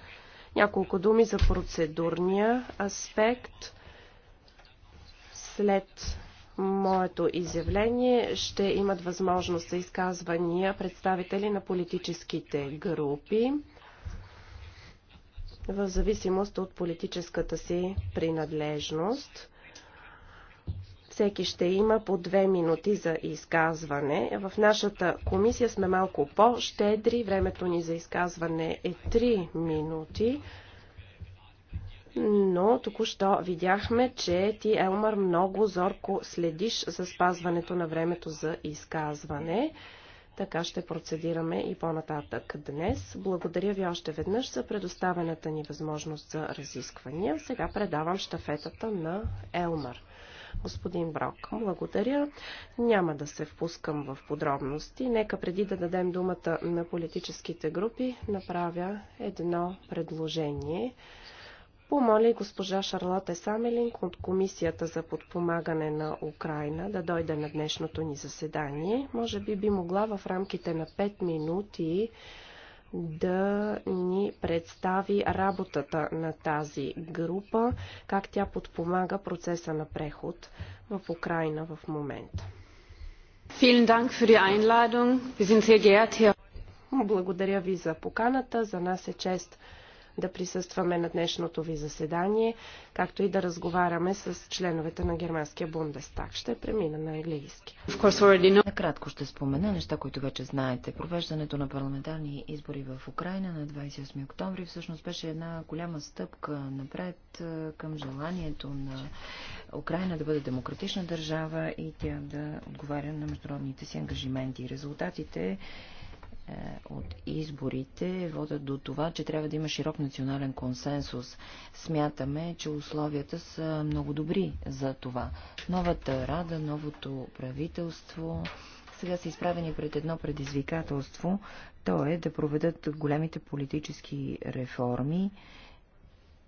Няколко думи за процедурния аспект. След моето изявление ще имат възможност за изказвания представители на политическите групи в зависимост от политическата си принадлежност. Всеки ще има по две минути за изказване. В нашата комисия сме малко по-щедри. Времето ни за изказване е 3 минути. Но току-що видяхме, че ти, Елмар, много зорко следиш за спазването на времето за изказване. Така ще процедираме и по-нататък днес. Благодаря ви още веднъж за предоставената ни възможност за разисквания. Сега предавам штафетата на Елмар. Господин Брок, благодаря. Няма да се впускам в подробности. Нека преди да дадем думата на политическите групи, направя едно предложение помоли госпожа Шарлота Самелинг от Комисията за подпомагане на Украина да дойде на днешното ни заседание. Може би би могла в рамките на 5 минути да ни представи работата на тази група, как тя подпомага процеса на преход в Украина в момента. Благодаря ви за поканата. За нас е чест да присъстваме на днешното ви заседание, както и да разговаряме с членовете на германския Бундестаг. Ще премина на английски. Накратко ще спомена неща, които вече знаете. Провеждането на парламентарни избори в Украина на 28 октомври всъщност беше една голяма стъпка напред към желанието на Украина да бъде демократична държава и тя да отговаря на международните си ангажименти. Резултатите е, от изборите водят до това, че трябва да има широк национален консенсус. Смятаме, че условията са много добри за това. Новата рада, новото правителство сега са изправени пред едно предизвикателство, то е да проведат големите политически реформи.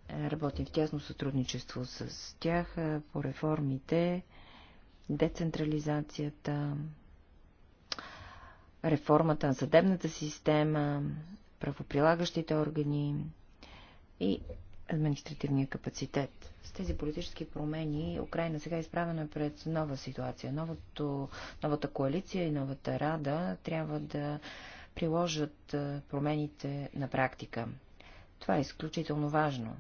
Е, работим в тясно сътрудничество с тях е, по реформите, децентрализацията, реформата на съдебната система, правоприлагащите органи и административния капацитет. С тези политически промени Украина сега е изправена пред нова ситуация. Новото, новата коалиция и новата рада трябва да приложат промените на практика. Това е изключително важно.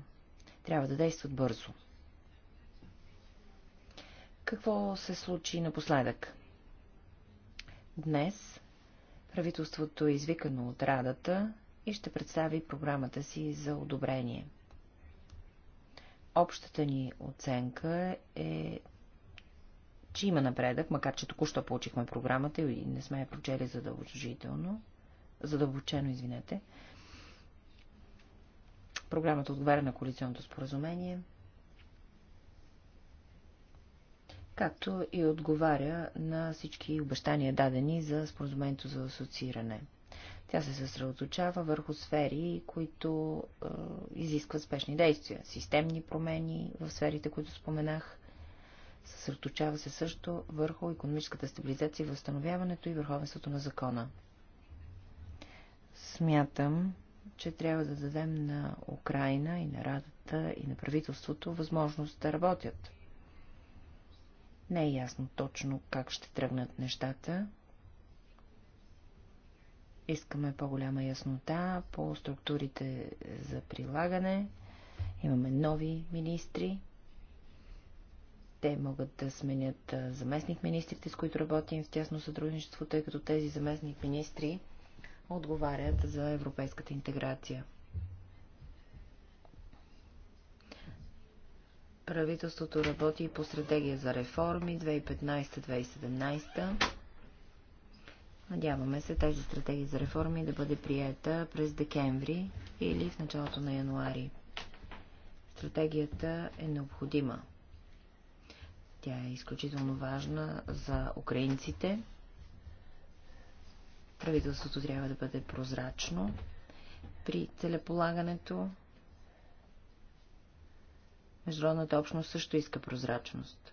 Трябва да действат бързо. Какво се случи напоследък? Днес Правителството е извикано от Радата и ще представи програмата си за одобрение. Общата ни оценка е, че има напредък, макар че току-що получихме програмата и не сме я прочели задълбочително, задълбочено, извинете. Програмата отговаря на коалиционното споразумение – както и отговаря на всички обещания дадени за споразумението за асоцииране. Тя се съсредоточава върху сфери, които е, изискват спешни действия. Системни промени в сферите, които споменах. Съсредоточава се също върху економическата стабилизация, възстановяването и върховенството на закона. Смятам, че трябва да дадем на Украина и на Радата и на правителството възможност да работят. Не е ясно точно как ще тръгнат нещата. Искаме по-голяма яснота по структурите за прилагане. Имаме нови министри. Те могат да сменят заместник-министрите, с които работим в тясно сътрудничество, тъй като тези заместник-министри отговарят за европейската интеграция. Правителството работи и по стратегия за реформи 2015-2017. Надяваме се тази стратегия за реформи да бъде приета през декември или в началото на януари. Стратегията е необходима. Тя е изключително важна за украинците. Правителството трябва да бъде прозрачно при целеполагането Международната общност също иска прозрачност.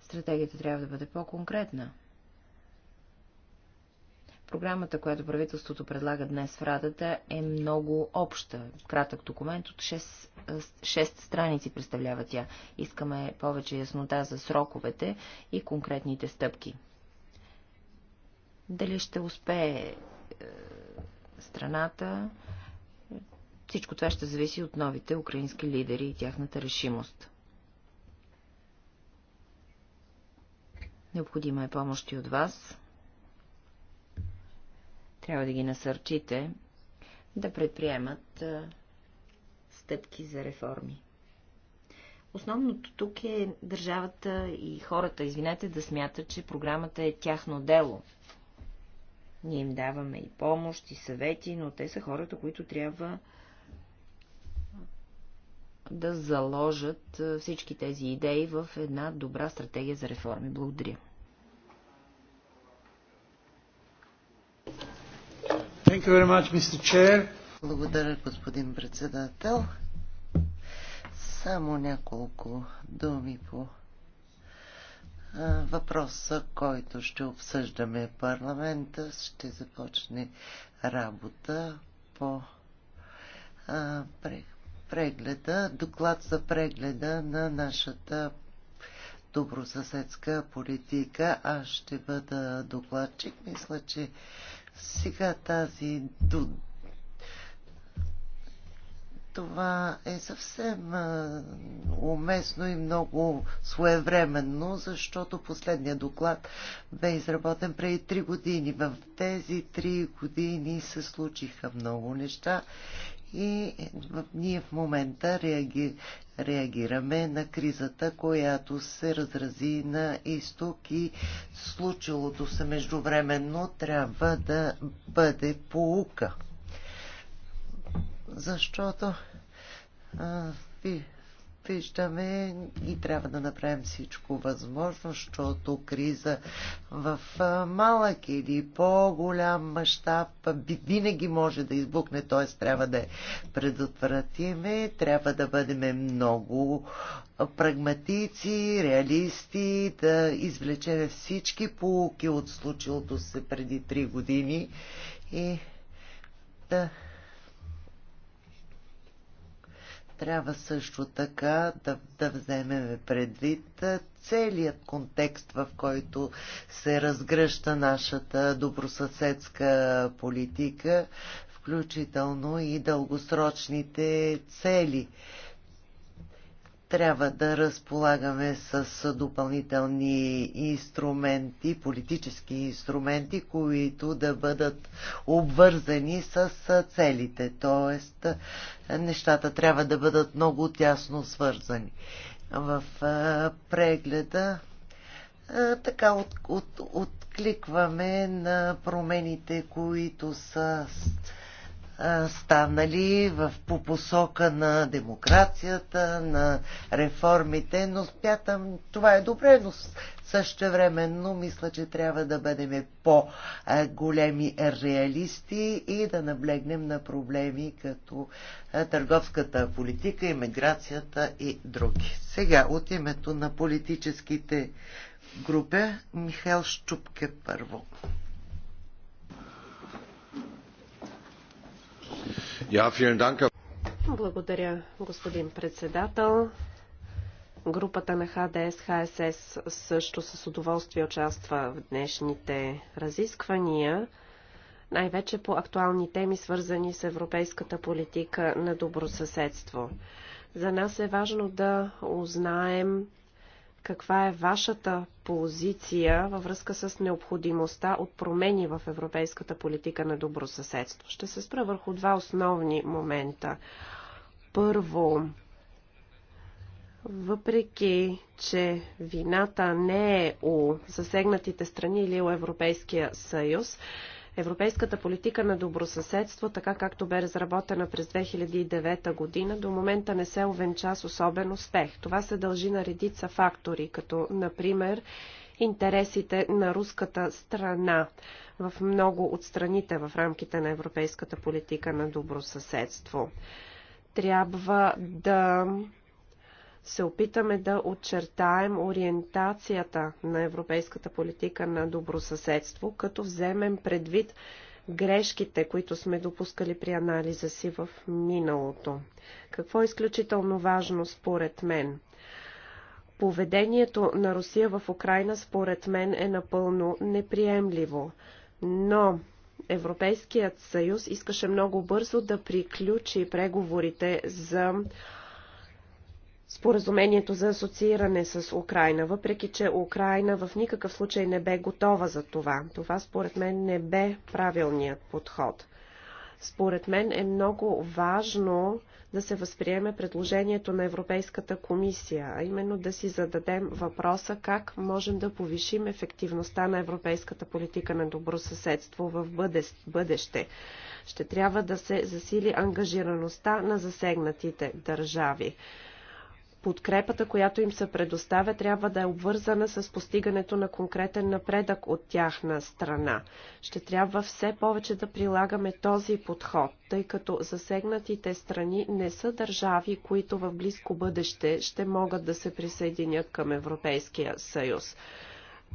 Стратегията трябва да бъде по-конкретна. Програмата, която правителството предлага днес в Радата, е много обща. Кратък документ от 6, 6 страници представлява тя. Искаме повече яснота за сроковете и конкретните стъпки. Дали ще успее е, страната всичко това ще зависи от новите украински лидери и тяхната решимост. Необходима е помощ и от вас. Трябва да ги насърчите да предприемат стъпки за реформи. Основното тук е държавата и хората, извинете, да смятат, че програмата е тяхно дело. Ние им даваме и помощ, и съвети, но те са хората, които трябва да заложат всички тези идеи в една добра стратегия за реформи. Благодаря. Thank you very much, Mr. Chair. Благодаря, господин председател. Само няколко думи по въпроса, който ще обсъждаме парламента. Ще започне работа по прегледа, доклад за прегледа на нашата добросъседска политика. Аз ще бъда докладчик. Мисля, че сега тази това е съвсем уместно и много своевременно, защото последният доклад бе изработен преди три години. В тези три години се случиха много неща и ние в момента реаги, реагираме на кризата, която се разрази на изток и случилото се междувременно трябва да бъде поука. Защото а, виждаме и трябва да направим всичко възможно, защото криза в малък или по-голям мащаб винаги може да избукне, т.е. трябва да предотвратиме, трябва да бъдем много прагматици, реалисти, да извлечем всички полуки от случилото се преди три години и да Трябва също така да, да вземем предвид целият контекст, в който се разгръща нашата добросъседска политика, включително и дългосрочните цели трябва да разполагаме с допълнителни инструменти, политически инструменти, които да бъдат обвързани с целите. Тоест, нещата трябва да бъдат много тясно свързани. В прегледа така от, от, откликваме на промените, които са станали в, по посока на демокрацията, на реформите, но смятам, това е добре, но същевременно мисля, че трябва да бъдем по-големи реалисти и да наблегнем на проблеми като търговската политика, иммиграцията и други. Сега, от името на политическите групи, Михаил Щупке първо. Благодаря, господин председател. Групата на ХДС ХСС също с удоволствие участва в днешните разисквания, най-вече по актуални теми, свързани с европейската политика на добросъседство. За нас е важно да узнаем каква е вашата позиция във връзка с необходимостта от промени в европейската политика на добро съседство. Ще се спра върху два основни момента. Първо, въпреки, че вината не е у засегнатите страни или у Европейския съюз, Европейската политика на добросъседство, така както бе разработена през 2009 година, до момента не се овенча с особен успех. Това се дължи на редица фактори, като, например, интересите на руската страна в много от страните в рамките на европейската политика на добросъседство. Трябва да се опитаме да отчертаем ориентацията на европейската политика на добросъседство, като вземем предвид грешките, които сме допускали при анализа си в миналото. Какво е изключително важно според мен? Поведението на Русия в Украина според мен е напълно неприемливо, но Европейският съюз искаше много бързо да приключи преговорите за споразумението за асоцииране с Украина, въпреки че Украина в никакъв случай не бе готова за това. Това според мен не бе правилният подход. Според мен е много важно да се възприеме предложението на Европейската комисия, а именно да си зададем въпроса как можем да повишим ефективността на европейската политика на добро съседство в бъдеще. Ще трябва да се засили ангажираността на засегнатите държави подкрепата, която им се предоставя, трябва да е обвързана с постигането на конкретен напредък от тяхна страна. Ще трябва все повече да прилагаме този подход, тъй като засегнатите страни не са държави, които в близко бъдеще ще могат да се присъединят към Европейския съюз.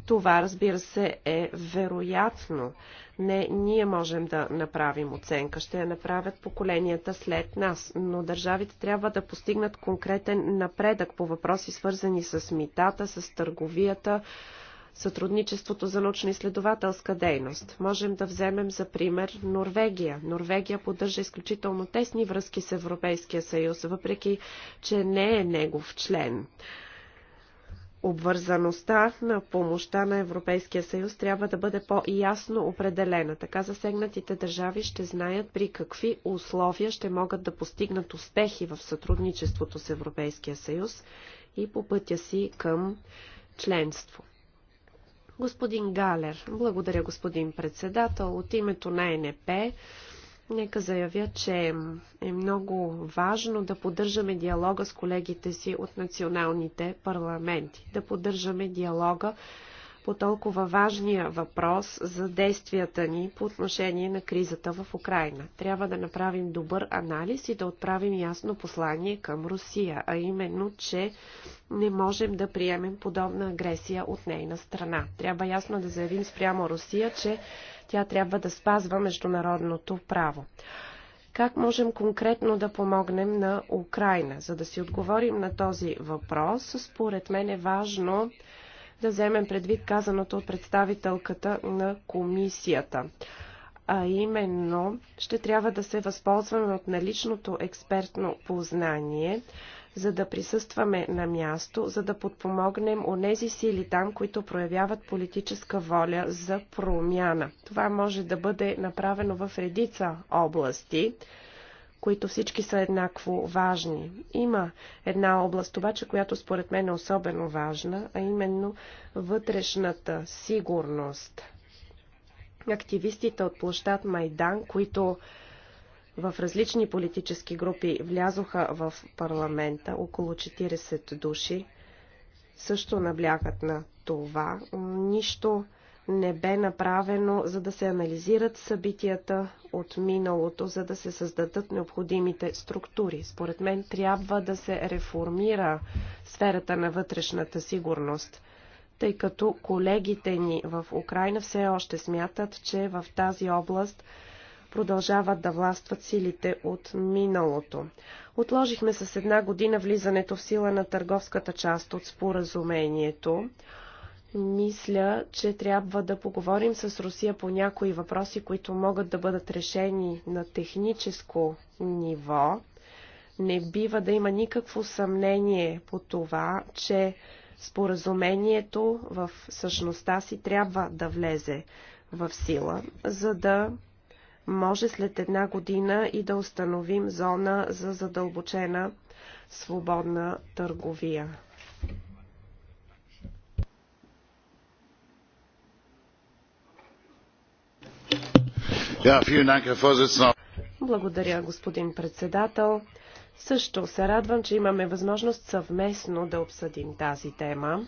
Това, разбира се, е вероятно. Не ние можем да направим оценка, ще я направят поколенията след нас, но държавите трябва да постигнат конкретен напредък по въпроси, свързани с митата, с търговията, сътрудничеството за научно-изследователска дейност. Можем да вземем за пример Норвегия. Норвегия поддържа изключително тесни връзки с Европейския съюз, въпреки че не е негов член обвързаността на помощта на Европейския съюз трябва да бъде по-ясно определена. Така засегнатите държави ще знаят при какви условия ще могат да постигнат успехи в сътрудничеството с Европейския съюз и по пътя си към членство. Господин Галер, благодаря господин председател, от името на НП Нека заявя, че е много важно да поддържаме диалога с колегите си от националните парламенти, да поддържаме диалога по толкова важния въпрос за действията ни по отношение на кризата в Украина. Трябва да направим добър анализ и да отправим ясно послание към Русия, а именно, че не можем да приемем подобна агресия от нейна страна. Трябва ясно да заявим спрямо Русия, че тя трябва да спазва международното право. Как можем конкретно да помогнем на Украина? За да си отговорим на този въпрос, според мен е важно да вземем предвид казаното от представителката на комисията. А именно, ще трябва да се възползваме от наличното експертно познание, за да присъстваме на място, за да подпомогнем онези сили там, които проявяват политическа воля за промяна. Това може да бъде направено в редица области които всички са еднакво важни. Има една област обаче, която според мен е особено важна, а именно вътрешната сигурност. Активистите от площад Майдан, които в различни политически групи влязоха в парламента, около 40 души, също наблягат на това. Нищо не бе направено, за да се анализират събитията от миналото, за да се създадат необходимите структури. Според мен трябва да се реформира сферата на вътрешната сигурност, тъй като колегите ни в Украина все още смятат, че в тази област продължават да властват силите от миналото. Отложихме с една година влизането в сила на търговската част от споразумението. Мисля, че трябва да поговорим с Русия по някои въпроси, които могат да бъдат решени на техническо ниво. Не бива да има никакво съмнение по това, че споразумението в същността си трябва да влезе в сила, за да може след една година и да установим зона за задълбочена свободна търговия. Благодаря, господин председател. Също се радвам, че имаме възможност съвместно да обсъдим тази тема.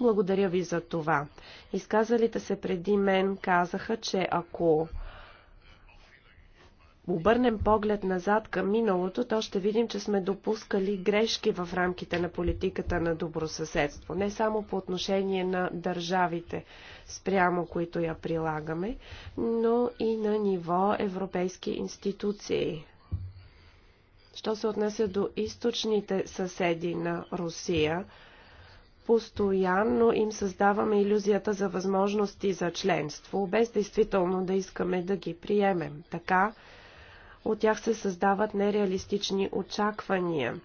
Благодаря ви за това. Изказалите се преди мен казаха, че ако обърнем поглед назад към миналото, то ще видим, че сме допускали грешки в рамките на политиката на добросъседство. Не само по отношение на държавите, спрямо които я прилагаме, но и на ниво европейски институции. Що се отнася до източните съседи на Русия, постоянно им създаваме иллюзията за възможности за членство, без действително да искаме да ги приемем. Така, от тях се създават нереалистични очаквания.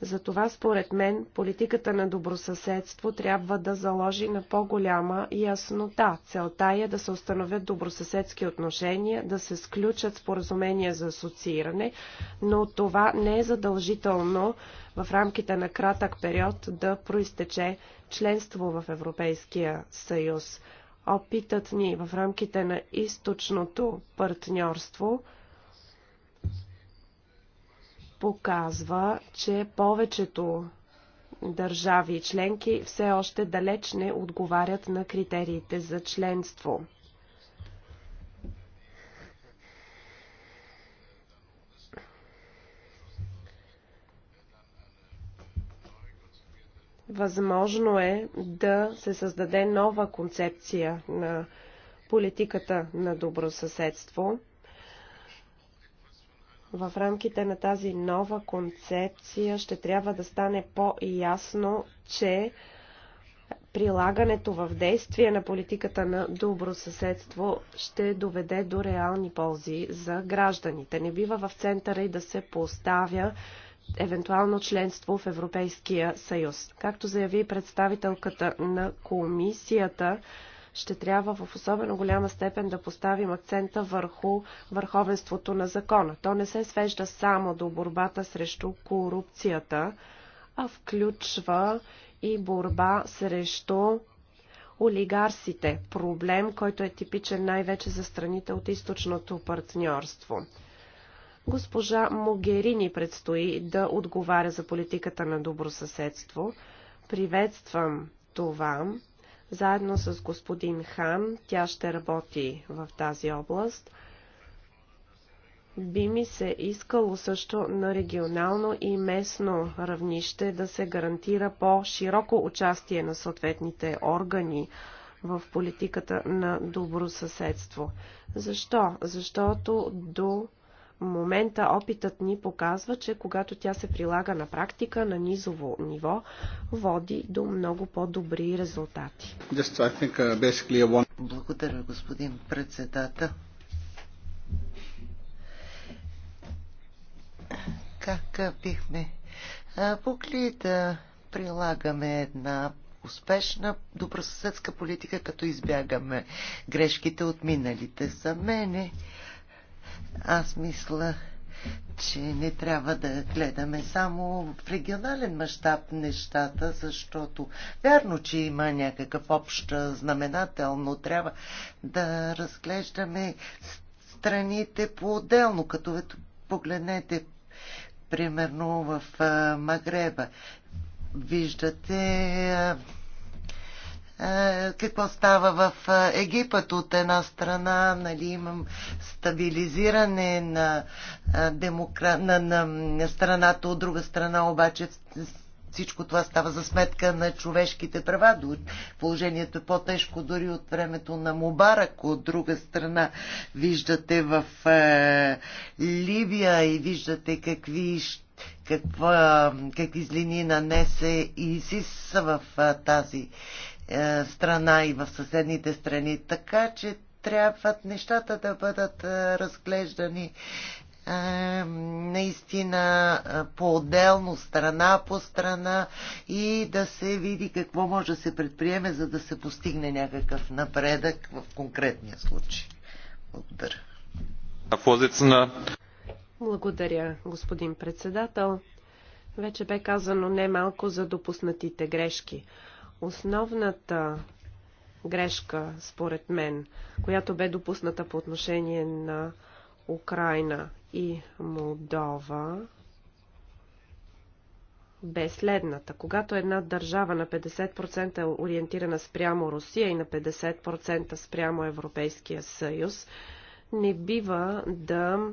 Затова, според мен, политиката на добросъседство трябва да заложи на по-голяма яснота. Целта е да се установят добросъседски отношения, да се сключат споразумения за асоцииране, но това не е задължително в рамките на кратък период да проистече членство в Европейския съюз. Опитът ни в рамките на източното партньорство – показва, че повечето държави и членки все още далеч не отговарят на критериите за членство. Възможно е да се създаде нова концепция на политиката на добросъседство в рамките на тази нова концепция ще трябва да стане по-ясно, че прилагането в действие на политиката на добро съседство ще доведе до реални ползи за гражданите. Не бива в центъра и да се поставя евентуално членство в Европейския съюз. Както заяви представителката на комисията, ще трябва в особено голяма степен да поставим акцента върху върховенството на закона. То не се свежда само до борбата срещу корупцията, а включва и борба срещу олигарсите. Проблем, който е типичен най-вече за страните от източното партньорство. Госпожа Могерини предстои да отговаря за политиката на добросъседство. Приветствам това. Заедно с господин Хан тя ще работи в тази област. Би ми се искало също на регионално и местно равнище да се гарантира по-широко участие на съответните органи в политиката на добро съседство. Защо? Защото до момента опитът ни показва, че когато тя се прилага на практика на низово ниво, води до много по-добри резултати. Uh, Благодаря, господин председател. Как бихме могли да прилагаме една успешна добросъседска политика, като избягаме грешките от миналите. За мене аз мисля, че не трябва да гледаме само в регионален мащаб нещата, защото вярно, че има някакъв общ знаменател, но трябва да разглеждаме страните по-отделно, като погледнете примерно в Магреба. Виждате е, какво става в е, Египет от една страна, нали, имам стабилизиране на, е, демокра... на, на, на страната, от друга страна обаче всичко това става за сметка на човешките права. Положението е по-тежко дори от времето на Мубарак. От друга страна виждате в е, Ливия и виждате какви каква, какви злини нанесе ИСИС в е, тази е, страна и в съседните страни. Така че трябват нещата да бъдат е, разглеждани е, наистина по-отделно, страна по страна и да се види какво може да се предприеме, за да се постигне някакъв напредък в конкретния случай. Благодаря. Благодаря, господин председател. Вече бе казано немалко за допуснатите грешки. Основната грешка, според мен, която бе допусната по отношение на Украина и Молдова, бе следната. Когато една държава на 50% е ориентирана спрямо Русия и на 50% спрямо Европейския съюз, не бива да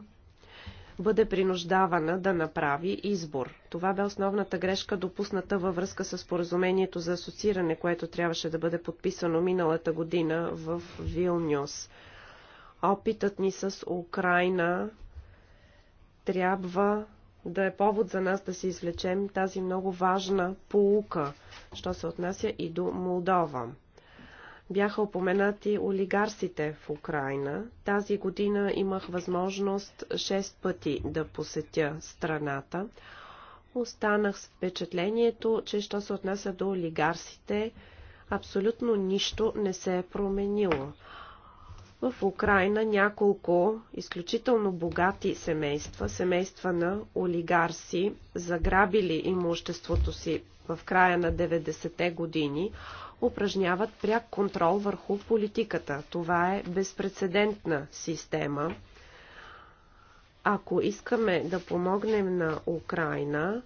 бъде принуждавана да направи избор. Това бе основната грешка, допусната във връзка с поразумението за асоцииране, което трябваше да бъде подписано миналата година в Вилнюс. Опитът ни с Украина трябва да е повод за нас да си извлечем тази много важна полука, що се отнася и до Молдова бяха упоменати олигарсите в Украина. Тази година имах възможност 6 пъти да посетя страната. Останах с впечатлението, че що се отнася до олигарсите, абсолютно нищо не се е променило. В Украина няколко изключително богати семейства, семейства на олигарси, заграбили имуществото си в края на 90-те години, упражняват пряк контрол върху политиката. Това е безпредседентна система. Ако искаме да помогнем на Украина,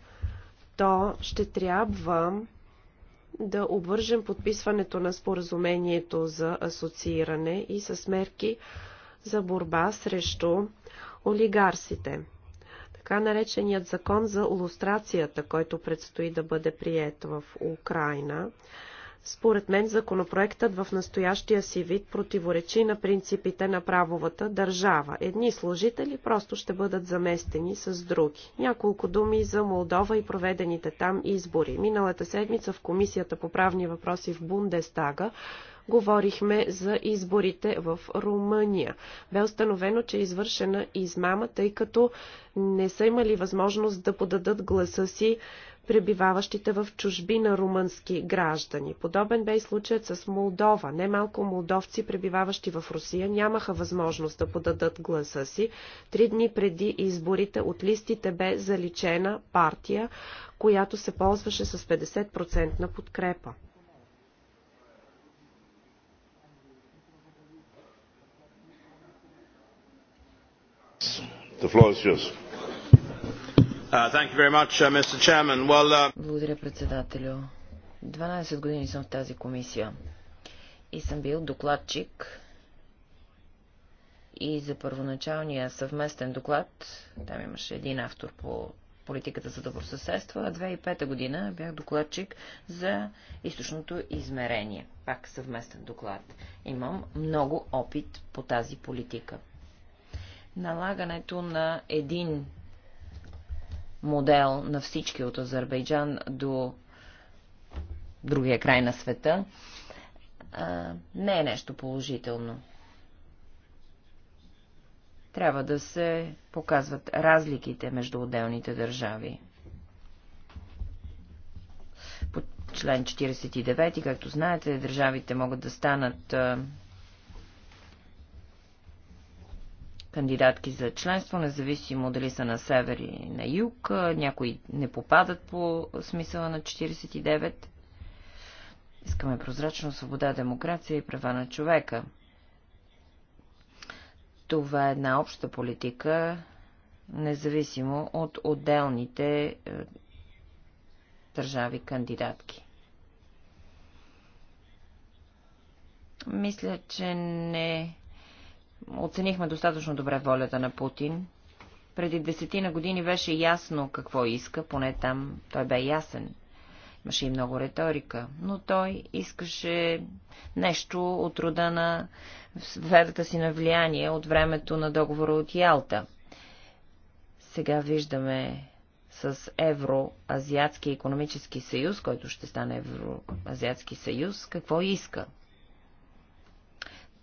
то ще трябва да обвържем подписването на споразумението за асоцииране и с мерки за борба срещу олигарсите. Така нареченият закон за лустрацията, който предстои да бъде прият в Украина, според мен законопроектът в настоящия си вид противоречи на принципите на правовата държава. Едни служители просто ще бъдат заместени с други. Няколко думи за Молдова и проведените там избори. Миналата седмица в Комисията по правни въпроси в Бундестага говорихме за изборите в Румъния. Бе установено, че е извършена измама, тъй като не са имали възможност да подадат гласа си пребиваващите в чужби на румънски граждани. Подобен бе и случаят с Молдова. Немалко молдовци, пребиваващи в Русия, нямаха възможност да подадат гласа си. Три дни преди изборите от листите бе заличена партия, която се ползваше с 50% на подкрепа. Uh, uh, uh, Благодаря, председателю. 12 години съм в тази комисия и съм бил докладчик и за първоначалния съвместен доклад, там имаше един автор по политиката за добросъседство, а 2005 година бях докладчик за източното измерение. Пак съвместен доклад. Имам много опит по тази политика. Налагането на един модел на всички от Азербайджан до другия край на света не е нещо положително. Трябва да се показват разликите между отделните държави. По член 49, както знаете, държавите могат да станат кандидатки за членство, независимо дали са на север и на юг. Някои не попадат по смисъла на 49. Искаме прозрачно свобода, демокрация и права на човека. Това е една обща политика, независимо от отделните е, държави кандидатки. Мисля, че не оценихме достатъчно добре волята на Путин. Преди десетина години беше ясно какво иска, поне там той бе ясен. Имаше и много риторика, но той искаше нещо от рода на сферата си на влияние от времето на договора от Ялта. Сега виждаме с Евроазиатския економически съюз, който ще стане Евроазиатски съюз, какво иска.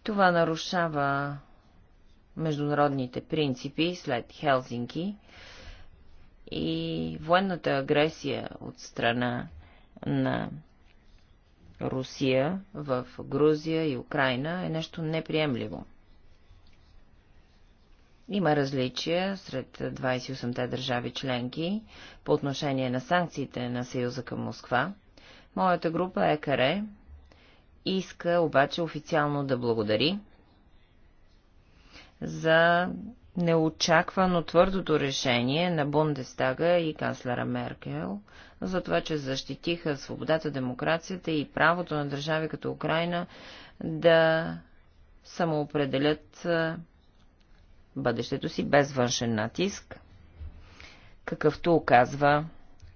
Това нарушава международните принципи след Хелзинки и военната агресия от страна на Русия в Грузия и Украина е нещо неприемливо. Има различия сред 28-те държави членки по отношение на санкциите на Съюза към Москва. Моята група ЕКАРЕ иска обаче официално да благодари за неочаквано твърдото решение на Бундестага и канцлера Меркел за това, че защитиха свободата, демокрацията и правото на държави като Украина да самоопределят бъдещето си без външен натиск, какъвто оказва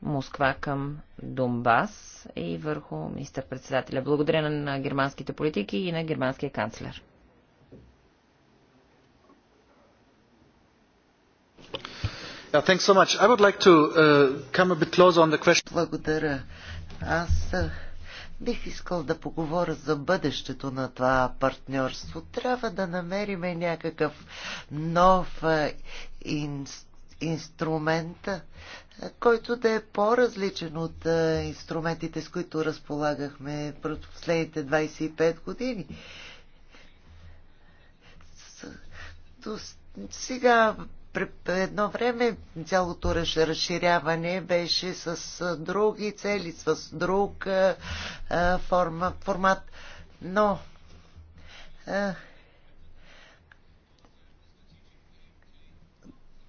Москва към Донбас и върху министър-председателя. Благодаря на германските политики и на германския канцлер. Uh, Благодаря. Аз бих искал да поговоря за бъдещето на това партньорство. Трябва да намериме някакъв нов ин, инструмент, който да е по-различен от инструментите, с които разполагахме през последните 25 години. сега едно време цялото разширяване беше с други цели, с друг форма, формат. Но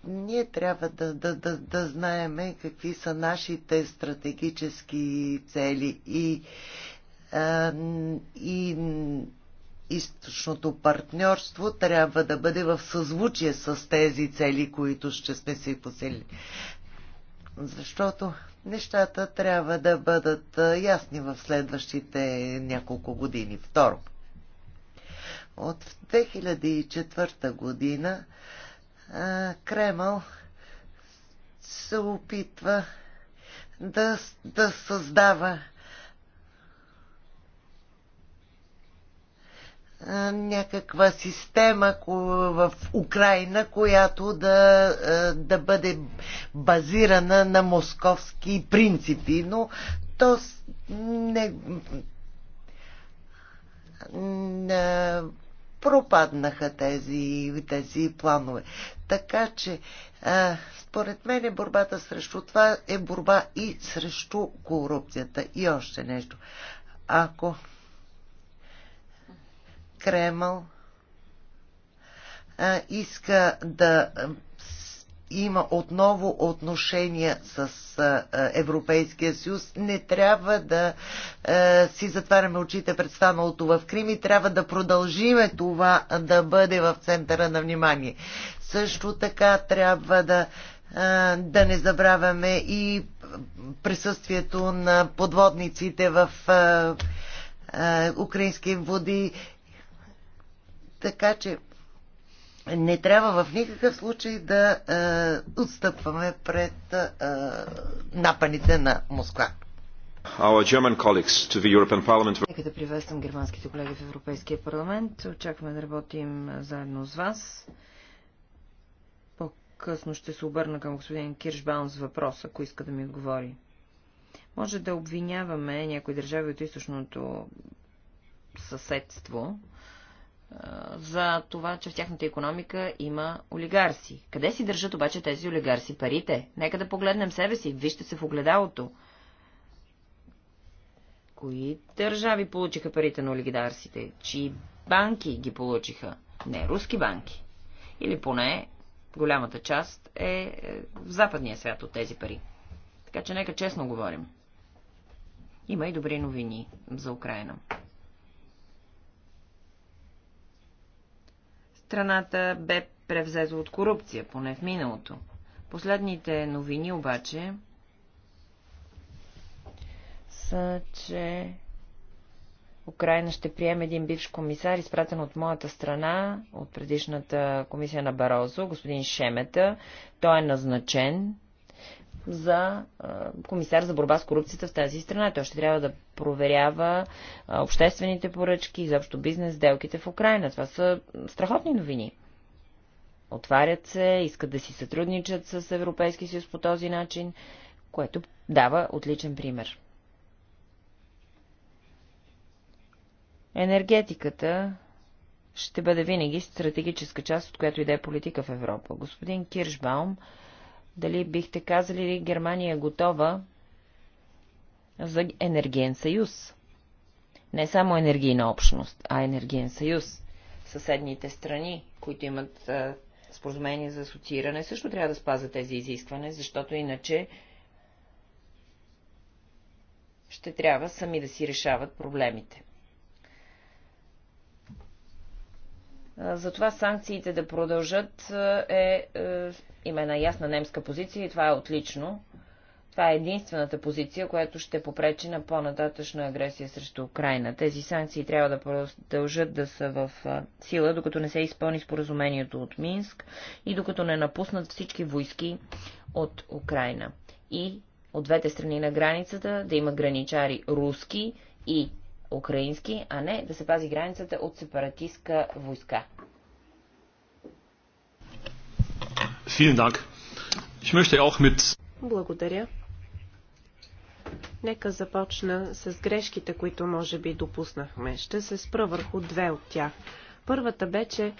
ние трябва да, да, да, да знаем какви са нашите стратегически цели и, и източното партньорство трябва да бъде в съзвучие с тези цели, които ще сме си поселили. Защото нещата трябва да бъдат ясни в следващите няколко години. Второ, от 2004 година Кремъл се опитва да, да създава някаква система в Украина, която да, да бъде базирана на московски принципи, но то не, не пропаднаха тези, тези планове. Така че, а, според мен, е борбата срещу това е борба и срещу корупцията. И още нещо. Ако Кремъл иска да има отново отношения с Европейския съюз. Не трябва да си затваряме очите пред станалото в Крим и трябва да продължиме това да бъде в центъра на внимание. Също така трябва да, да не забравяме и присъствието на подводниците в украински води така че не трябва в никакъв случай да е, отстъпваме пред е, напаните на Москва. Нека да приветствам германските колеги в Европейския парламент. Очакваме да работим заедно с вас. По-късно ще се обърна към господин Киршбаун с въпрос, ако иска да ми отговори. Може да обвиняваме някои държави от източното съседство, за това, че в тяхната економика има олигарси. Къде си държат обаче тези олигарси парите? Нека да погледнем себе си. Вижте се в огледалото. Кои държави получиха парите на олигарсите? Чии банки ги получиха? Не, руски банки. Или поне голямата част е, е в западния свят от тези пари. Така че нека честно говорим. Има и добри новини за Украина. Страната бе превзезла от корупция, поне в миналото. Последните новини обаче са, че Украина ще приеме един бивш комисар, изпратен от моята страна, от предишната комисия на Барозо, господин Шемета. Той е назначен за комисар за борба с корупцията в тази страна. Той ще трябва да проверява обществените поръчки, изобщо бизнес, сделките в Украина. Това са страхотни новини. Отварят се, искат да си сътрудничат с Европейски съюз по този начин, което дава отличен пример. Енергетиката ще бъде винаги стратегическа част, от която и да е политика в Европа. Господин Киршбаум дали бихте казали ли Германия е готова за енергиен съюз? Не само енергийна общност, а енергиен съюз. Съседните страни, които имат а, споразумение за асоцииране, също трябва да спазят тези изисквания, защото иначе ще трябва сами да си решават проблемите. Затова санкциите да продължат е, е, има една ясна немска позиция и това е отлично. Това е единствената позиция, която ще попречи на по-нататъчна агресия срещу Украина. Тези санкции трябва да продължат да са в сила, докато не се изпълни споразумението от Минск и докато не напуснат всички войски от Украина. И от двете страни на границата да има граничари руски и украински, а не да се пази границата от сепаратистка войска. Благодаря. Нека започна с грешките, които може би допуснахме. Ще се спра върху две от тях. Първата бе, че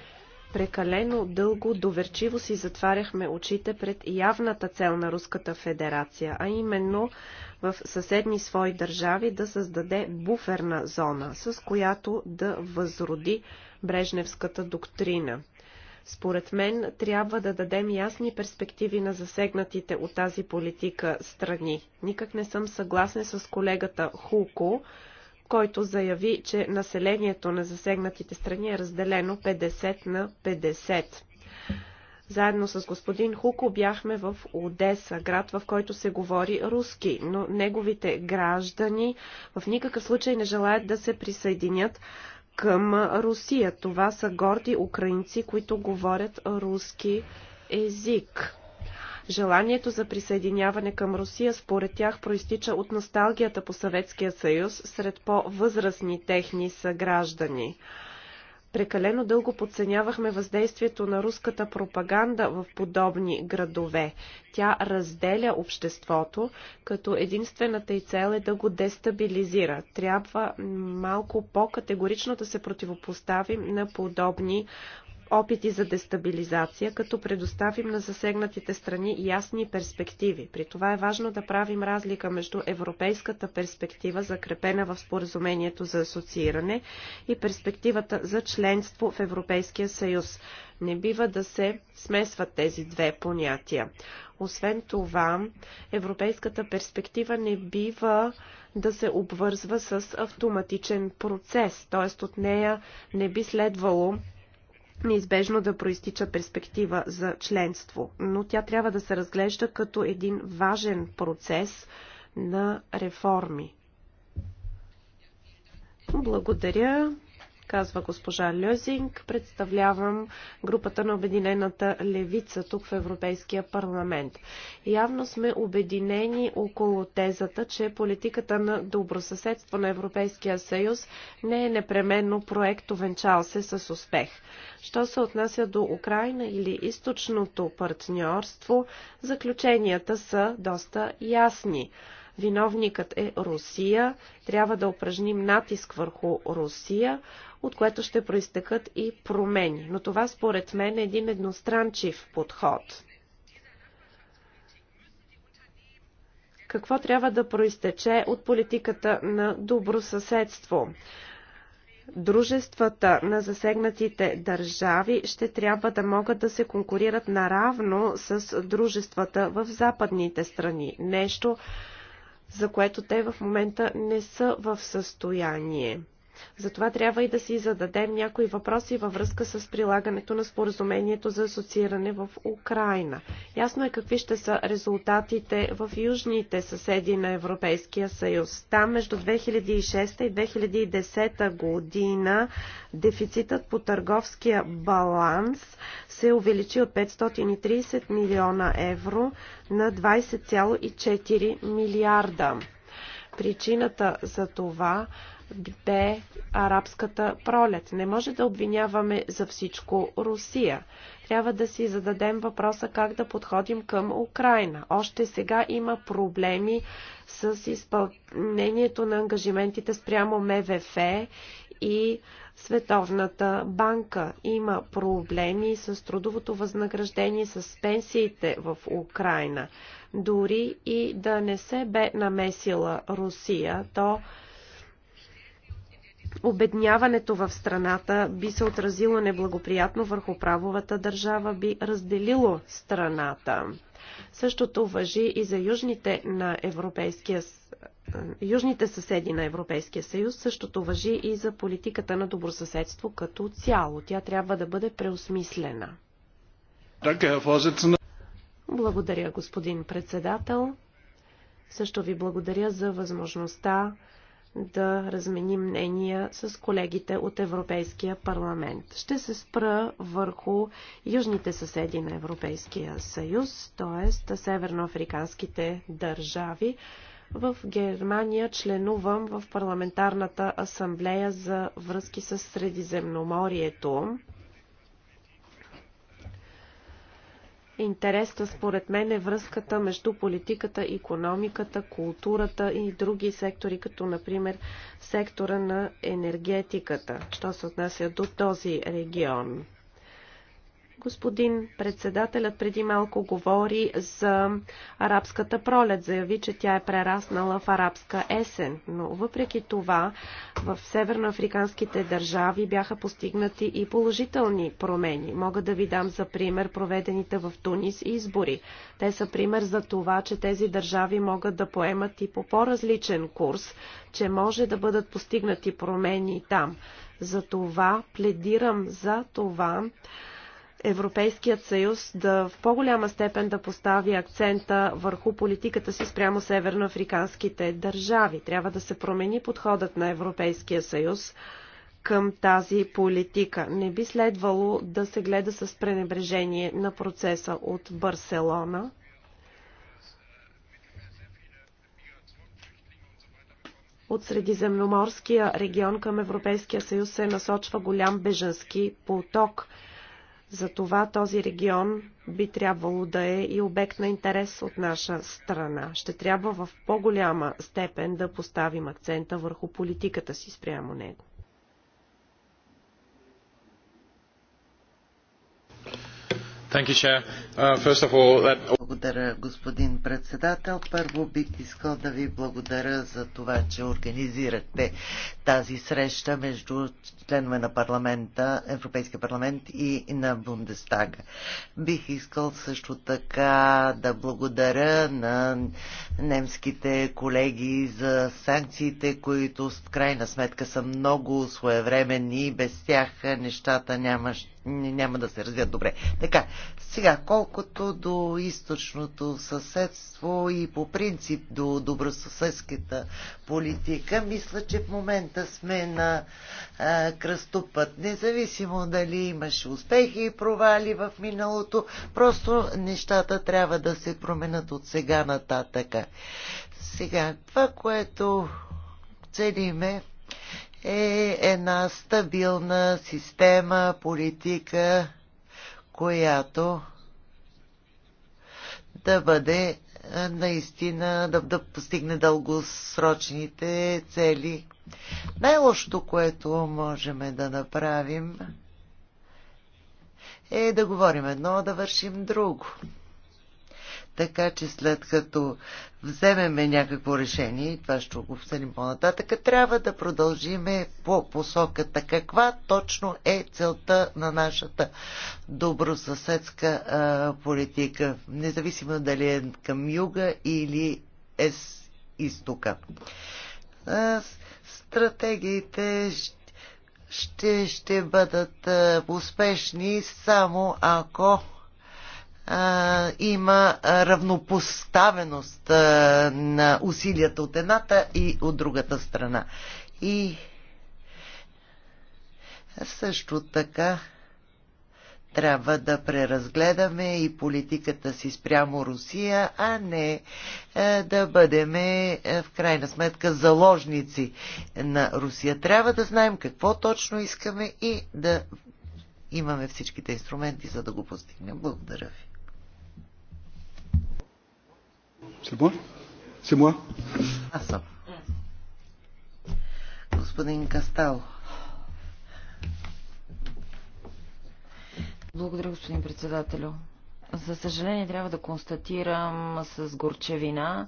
Прекалено дълго доверчиво си затваряхме очите пред явната цел на Руската федерация, а именно в съседни свои държави да създаде буферна зона, с която да възроди Брежневската доктрина. Според мен трябва да дадем ясни перспективи на засегнатите от тази политика страни. Никак не съм съгласен с колегата Хуко, който заяви, че населението на засегнатите страни е разделено 50 на 50. Заедно с господин Хуко бяхме в Одеса, град, в който се говори руски, но неговите граждани в никакъв случай не желаят да се присъединят към Русия. Това са горди украинци, които говорят руски език. Желанието за присъединяване към Русия според тях проистича от носталгията по Съветския съюз сред по-възрастни техни съграждани. Прекалено дълго подценявахме въздействието на руската пропаганда в подобни градове. Тя разделя обществото, като единствената й цел е да го дестабилизира. Трябва малко по-категорично да се противопоставим на подобни опити за дестабилизация, като предоставим на засегнатите страни ясни перспективи. При това е важно да правим разлика между европейската перспектива, закрепена в споразумението за асоцииране, и перспективата за членство в Европейския съюз. Не бива да се смесват тези две понятия. Освен това, европейската перспектива не бива да се обвързва с автоматичен процес, т.е. от нея не би следвало неизбежно да проистича перспектива за членство, но тя трябва да се разглежда като един важен процес на реформи. Благодаря казва госпожа Льозинг. Представлявам групата на Обединената левица тук в Европейския парламент. Явно сме обединени около тезата, че политиката на добросъседство на Европейския съюз не е непременно проект овенчал се с успех. Що се отнася до Украина или източното партньорство, заключенията са доста ясни. Виновникът е Русия. Трябва да упражним натиск върху Русия, от което ще проистекат и промени. Но това според мен е един едностранчив подход. Какво трябва да проистече от политиката на добросъседство? дружествата на засегнатите държави ще трябва да могат да се конкурират наравно с дружествата в западните страни. Нещо, за което те в момента не са в състояние. Затова трябва и да си зададем някои въпроси във връзка с прилагането на споразумението за асоцииране в Украина. Ясно е какви ще са резултатите в южните съседи на Европейския съюз. Там между 2006 и 2010 година дефицитът по търговския баланс се увеличи от 530 милиона евро на 20,4 милиарда. Причината за това бе арабската пролет. Не може да обвиняваме за всичко Русия. Трябва да си зададем въпроса как да подходим към Украина. Още сега има проблеми с изпълнението на ангажиментите спрямо МВФ и Световната банка. Има проблеми с трудовото възнаграждение, с пенсиите в Украина. Дори и да не се бе намесила Русия, то обедняването в страната би се отразило неблагоприятно върху правовата държава, би разделило страната. Същото въжи и за южните на Европейския южните съседи на Европейския съюз, същото въжи и за политиката на добросъседство като цяло. Тя трябва да бъде преосмислена. Благодаря, господин председател. Също ви благодаря за възможността да разменим мнения с колегите от Европейския парламент. Ще се спра върху южните съседи на Европейския съюз, т.е. северноафриканските държави. В Германия членувам в парламентарната асамблея за връзки с Средиземноморието. Интересна според мен е връзката между политиката, економиката, културата и други сектори, като например сектора на енергетиката, що се отнася до този регион. Господин председателят преди малко говори за арабската пролет. Заяви, че тя е прераснала в арабска есен. Но въпреки това в северноафриканските държави бяха постигнати и положителни промени. Мога да ви дам за пример проведените в Тунис избори. Те са пример за това, че тези държави могат да поемат и по по-различен курс, че може да бъдат постигнати промени там. Затова пледирам за това Европейският съюз да в по-голяма степен да постави акцента върху политиката си спрямо северноафриканските държави. Трябва да се промени подходът на Европейския съюз към тази политика. Не би следвало да се гледа с пренебрежение на процеса от Барселона. От Средиземноморския регион към Европейския съюз се насочва голям беженски поток – затова този регион би трябвало да е и обект на интерес от наша страна. Ще трябва в по-голяма степен да поставим акцента върху политиката си спрямо него. Thank you, Chair. Uh, first of all, that... Благодаря, господин председател. Първо бих искал да ви благодаря за това, че организирахте тази среща между членове на парламента, Европейския парламент и на Бундестага. Бих искал също така да благодаря на немските колеги за санкциите, които в крайна сметка са много своевременни и без тях нещата няма, няма да се развият добре. Така, сега, колкото до източ източното съседство и по принцип до добросъседската политика, мисля, че в момента сме на а, кръстопът. Независимо дали имаш успехи и провали в миналото, просто нещата трябва да се променят от сега нататъка. Сега, това, което целиме е една стабилна система, политика, която да бъде наистина да, да постигне дългосрочните цели. Най-лошото, което можем да направим е да говорим едно, да вършим друго. Така че след като вземеме някакво решение, и това ще го обсъдим по-нататък, трябва да продължиме по посоката. Каква точно е целта на нашата добросъседска а, политика, независимо дали е към юга или е с изтока. А, стратегиите ще, ще бъдат а, успешни само ако а, има равнопоставеност а, на усилията от едната и от другата страна. И също така трябва да преразгледаме и политиката си спрямо Русия, а не да бъдеме в крайна сметка заложници на Русия. Трябва да знаем какво точно искаме и да имаме всичките инструменти, за да го постигнем. Благодаря ви. C'est moi C'est moi Аз съм. Господин Кастал. Благодаря, господин председателю. За съжаление трябва да констатирам с горчевина,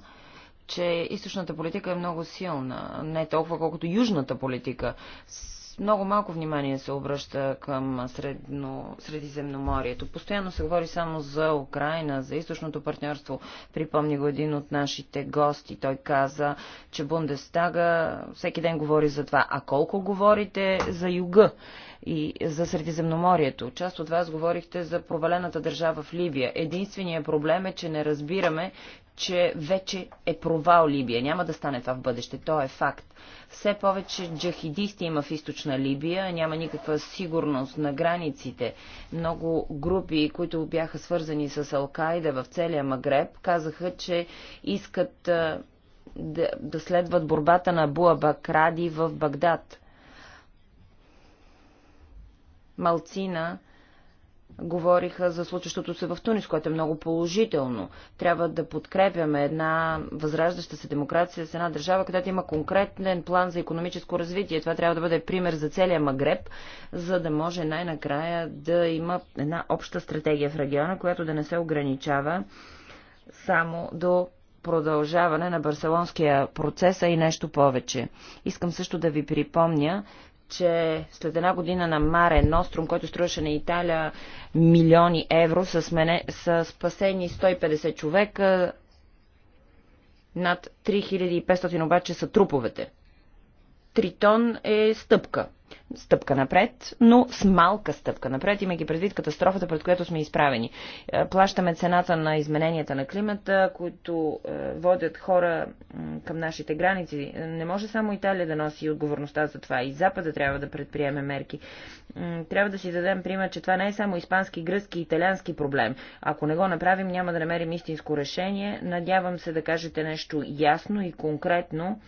че източната политика е много силна. Не толкова, колкото южната политика много малко внимание се обръща към средно, Средиземноморието. Постоянно се говори само за Украина, за източното партньорство. Припомни го един от нашите гости. Той каза, че Бундестага всеки ден говори за това. А колко говорите за юга и за Средиземноморието? Част от вас говорихте за провалената държава в Ливия. Единственият проблем е, че не разбираме, че вече е провал Либия. Няма да стане това в бъдеще. То е факт. Все повече джахидисти има в източна Либия, няма никаква сигурност на границите. Много групи, които бяха свързани с Алкайда в целия Магреб, казаха, че искат да, да следват борбата на Буабакради в Багдад. Малцина говориха за случващото се в Тунис, което е много положително. Трябва да подкрепяме една възраждаща се демокрация с една държава, където има конкретен план за економическо развитие. Това трябва да бъде пример за целия Магреб, за да може най-накрая да има една обща стратегия в региона, която да не се ограничава само до продължаване на барселонския процес, а и нещо повече. Искам също да ви припомня, че след една година на Маре Ностром, който струваше на Италия милиони евро, са, смене, са спасени 150 човека, над 3500 обаче са труповете. Тритон е стъпка стъпка напред, но с малка стъпка напред, имайки предвид катастрофата, пред която сме изправени. Е, плащаме цената на измененията на климата, които е, водят хора към нашите граници. Не може само Италия да носи отговорността за това. И Запада трябва да предприеме мерки. Трябва да си дадем пример, че това не е само испански, гръцки, италиански проблем. Ако не го направим, няма да намерим истинско решение. Надявам се да кажете нещо ясно и конкретно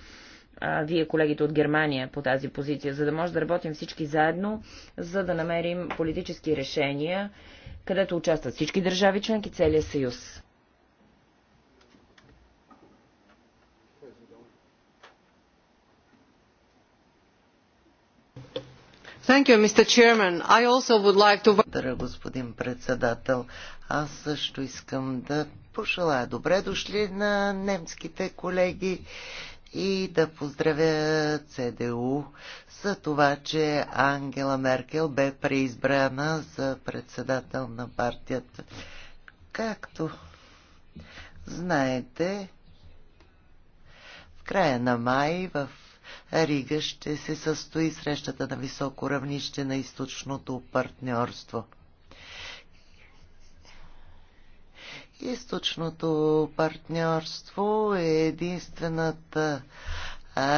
а, вие, колегите от Германия, по тази позиция, за да може да работим всички заедно, за да намерим политически решения, където участват всички държави членки, целият съюз. Благодаря, господин председател. Аз също искам да пожелая добре дошли на немските колеги и да поздравя ЦДУ за това, че Ангела Меркел бе преизбрана за председател на партията. Както знаете, в края на май в Рига ще се състои срещата на високо равнище на източното партньорство – Източното партньорство е единствената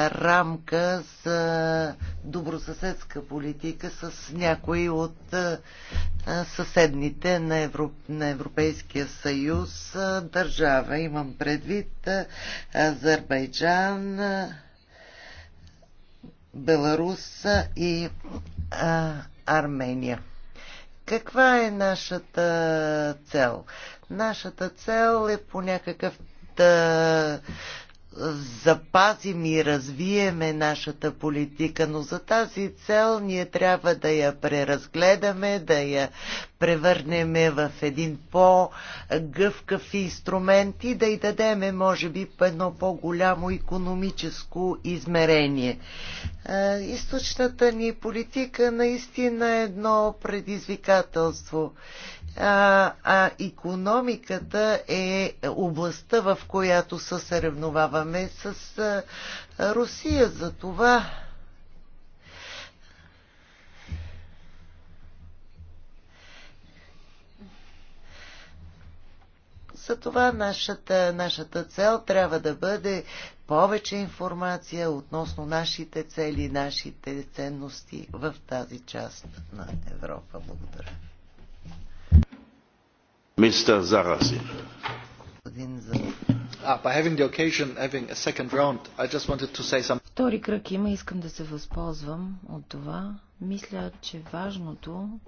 рамка за добросъседска политика с някои от съседните на, Европ... на Европейския съюз държава. Имам предвид Азербайджан, Беларуса и Армения. Каква е нашата цел? Нашата цел е по някакъв да запазим и развиеме нашата политика, но за тази цел ние трябва да я преразгледаме, да я превърнем в един по-гъвкав инструмент и да й дадеме, може би, едно по-голямо економическо измерение. Източната ни политика наистина е едно предизвикателство а, а економиката е областта, в която се съревноваваме с а, Русия. За това това нашата, нашата цел трябва да бъде повече информация относно нашите цели, нашите ценности в тази част на Европа. Благодаря. Mr. Ah, Sarrazin. Втори кръг има, искам да се възползвам от това. Мисля, че важното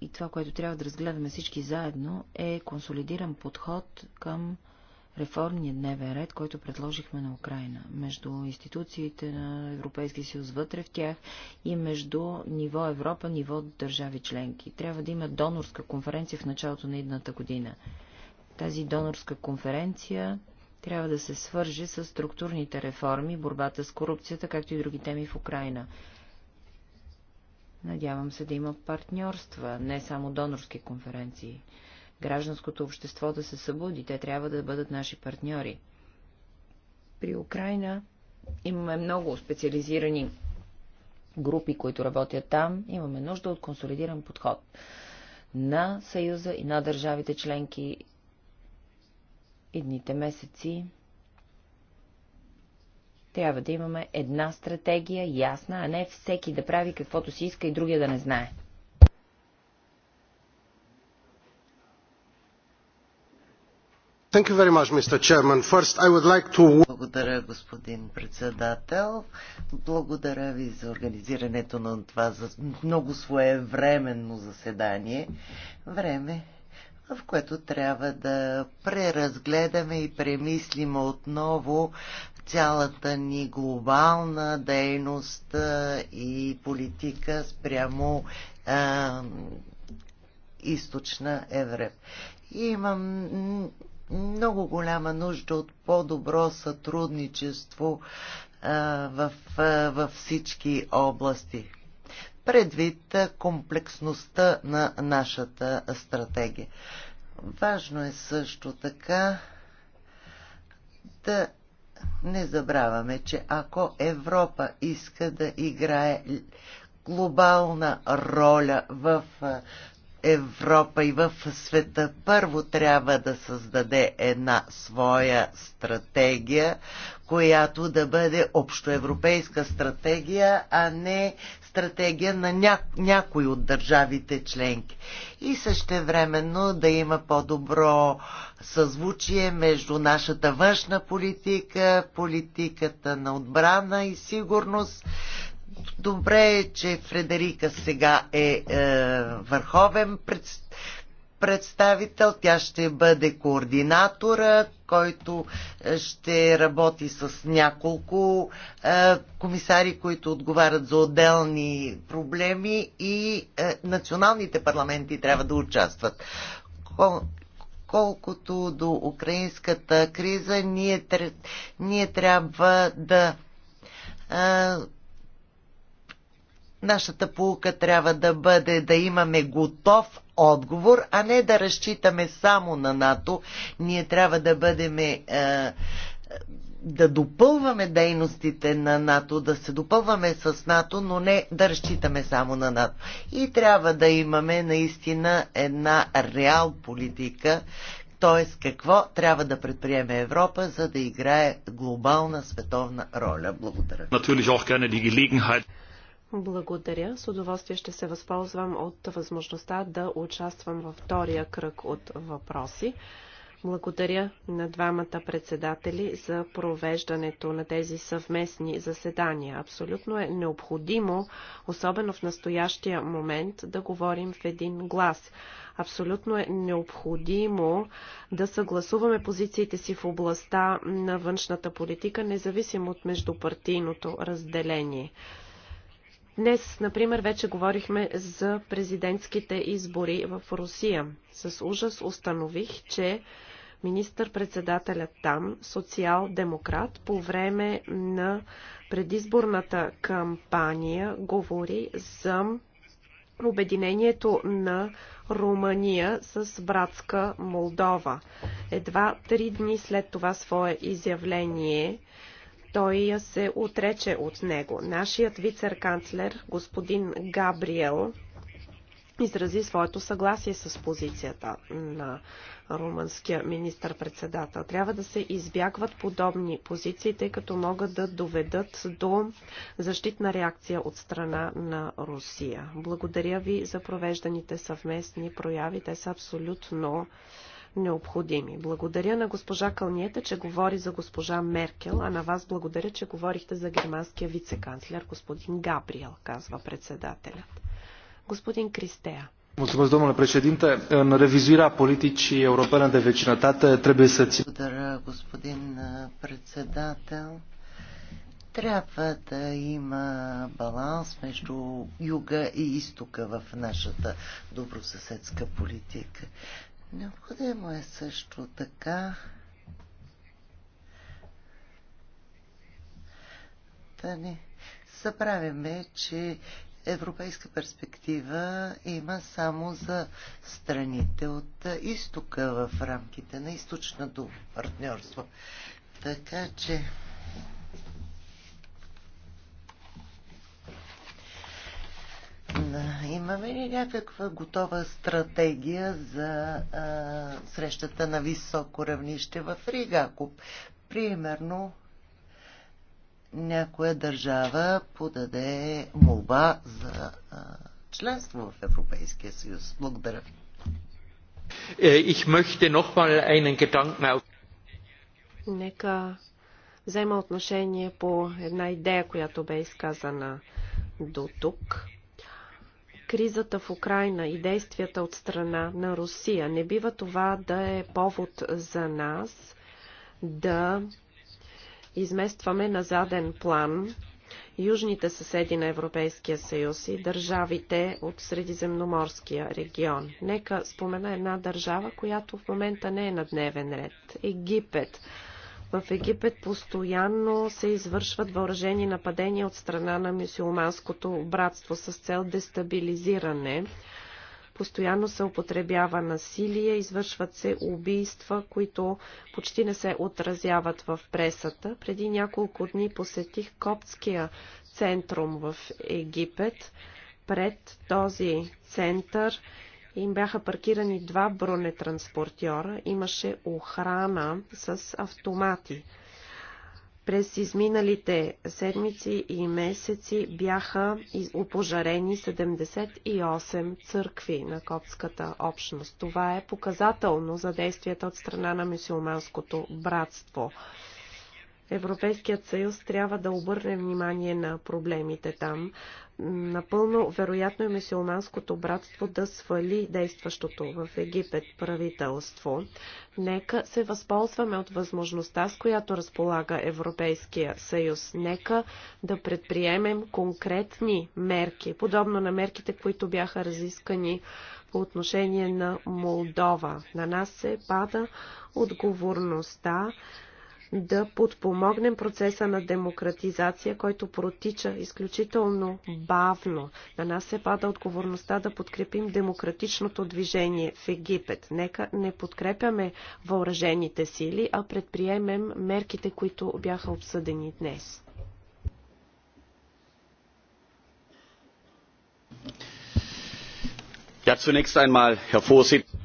и това, което трябва да разгледаме всички заедно, е консолидиран подход към реформния дневен ред, който предложихме на Украина, между институциите на Европейския съюз вътре в тях и между ниво Европа, ниво държави членки. Трябва да има донорска конференция в началото на едната година. Тази донорска конференция трябва да се свържи с структурните реформи, борбата с корупцията, както и други теми в Украина. Надявам се да има партньорства, не само донорски конференции гражданското общество да се събуди. Те трябва да бъдат наши партньори. При Украина имаме много специализирани групи, които работят там. Имаме нужда от консолидиран подход на Съюза и на държавите членки едните месеци трябва да имаме една стратегия, ясна, а не всеки да прави каквото си иска и другия да не знае. Благодаря, господин председател. Благодаря ви за организирането на това за много своевременно заседание. Време, в което трябва да преразгледаме и премислим отново цялата ни глобална дейност и политика спрямо а, източна Европа. Имам много голяма нужда от по-добро сътрудничество в, във всички области, предвид комплексността на нашата стратегия. Важно е също така да не забравяме, че ако Европа иска да играе глобална роля в Европа и в света първо трябва да създаде една своя стратегия, която да бъде общоевропейска стратегия, а не стратегия на ня... някои от държавите членки. И времено да има по-добро съзвучие между нашата външна политика, политиката на отбрана и сигурност, Добре е, че Фредерика сега е, е върховен пред, представител. Тя ще бъде координатора, който е, ще работи с няколко е, комисари, които отговарят за отделни проблеми и е, националните парламенти трябва да участват. Кол, колкото до украинската криза, ние, ние трябва да е, Нашата полука трябва да бъде да имаме готов отговор, а не да разчитаме само на НАТО. Ние трябва да бъдем. Е, е, да допълваме дейностите на НАТО, да се допълваме с НАТО, но не да разчитаме само на НАТО. И трябва да имаме наистина една реал политика, т.е. какво трябва да предприеме Европа, за да играе глобална световна роля. Благодаря. Благодаря. С удоволствие ще се възползвам от възможността да участвам във втория кръг от въпроси. Благодаря на двамата председатели за провеждането на тези съвместни заседания. Абсолютно е необходимо, особено в настоящия момент, да говорим в един глас. Абсолютно е необходимо да съгласуваме позициите си в областта на външната политика, независимо от междупартийното разделение. Днес, например, вече говорихме за президентските избори в Русия. С ужас установих, че министър-председателят там, социал-демократ, по време на предизборната кампания говори за обединението на Румъния с братска Молдова. Едва три дни след това свое изявление той се отрече от него. Нашият вицерканцлер, господин Габриел, изрази своето съгласие с позицията на румънския министър-председател. Трябва да се избягват подобни позиции, тъй като могат да доведат до защитна реакция от страна на Русия. Благодаря ви за провежданите съвместни прояви. Те са абсолютно необходими. Благодаря на госпожа Кълниета, че говори за госпожа Меркел, а на вас благодаря, че говорихте за германския вицеканцлер господин Габриел, казва председателят. Господин Кристея. Mulțumesc, domnule președinte. În revizuirea politicii europene de vecinătate trebuie să țin... Благодаря, господин председател. Трябва да има баланс между юга и изтока в нашата добросъседска политика. Необходимо е също така да не Съправяме, че европейска перспектива има само за страните от изтока в рамките на източното партньорство. Така че Анна, имаме ли някаква готова стратегия за а, срещата на високо равнище в Рига? Ако, примерно, някоя държава подаде молба за а, членство в Европейския съюз. Благодаря. Ich möchte noch mal einen Gedanken auf... Нека взема отношение по една идея, която бе изказана до тук кризата в Украина и действията от страна на Русия. Не бива това да е повод за нас да изместваме на заден план южните съседи на Европейския съюз и държавите от Средиземноморския регион. Нека спомена една държава, която в момента не е на дневен ред – Египет. В Египет постоянно се извършват въоръжени нападения от страна на мюсюлманското братство с цел дестабилизиране. Постоянно се употребява насилие, извършват се убийства, които почти не се отразяват в пресата. Преди няколко дни посетих Коптския центрум в Египет. Пред този център им бяха паркирани два бронетранспортьора. Имаше охрана с автомати. През изминалите седмици и месеци бяха опожарени 78 църкви на коптската общност. Това е показателно за действията от страна на мусулманското братство. Европейският съюз трябва да обърне внимание на проблемите там. Напълно вероятно е мисиоманското братство да свали действащото в Египет правителство. Нека се възползваме от възможността, с която разполага Европейския съюз. Нека да предприемем конкретни мерки, подобно на мерките, които бяха разискани по отношение на Молдова. На нас се пада отговорността да подпомогнем процеса на демократизация, който протича изключително бавно. На нас се пада отговорността да подкрепим демократичното движение в Египет. Нека не подкрепяме въоръжените сили, а предприемем мерките, които бяха обсъдени днес. Ja, zunächst einmal, Herr Vorsitzender.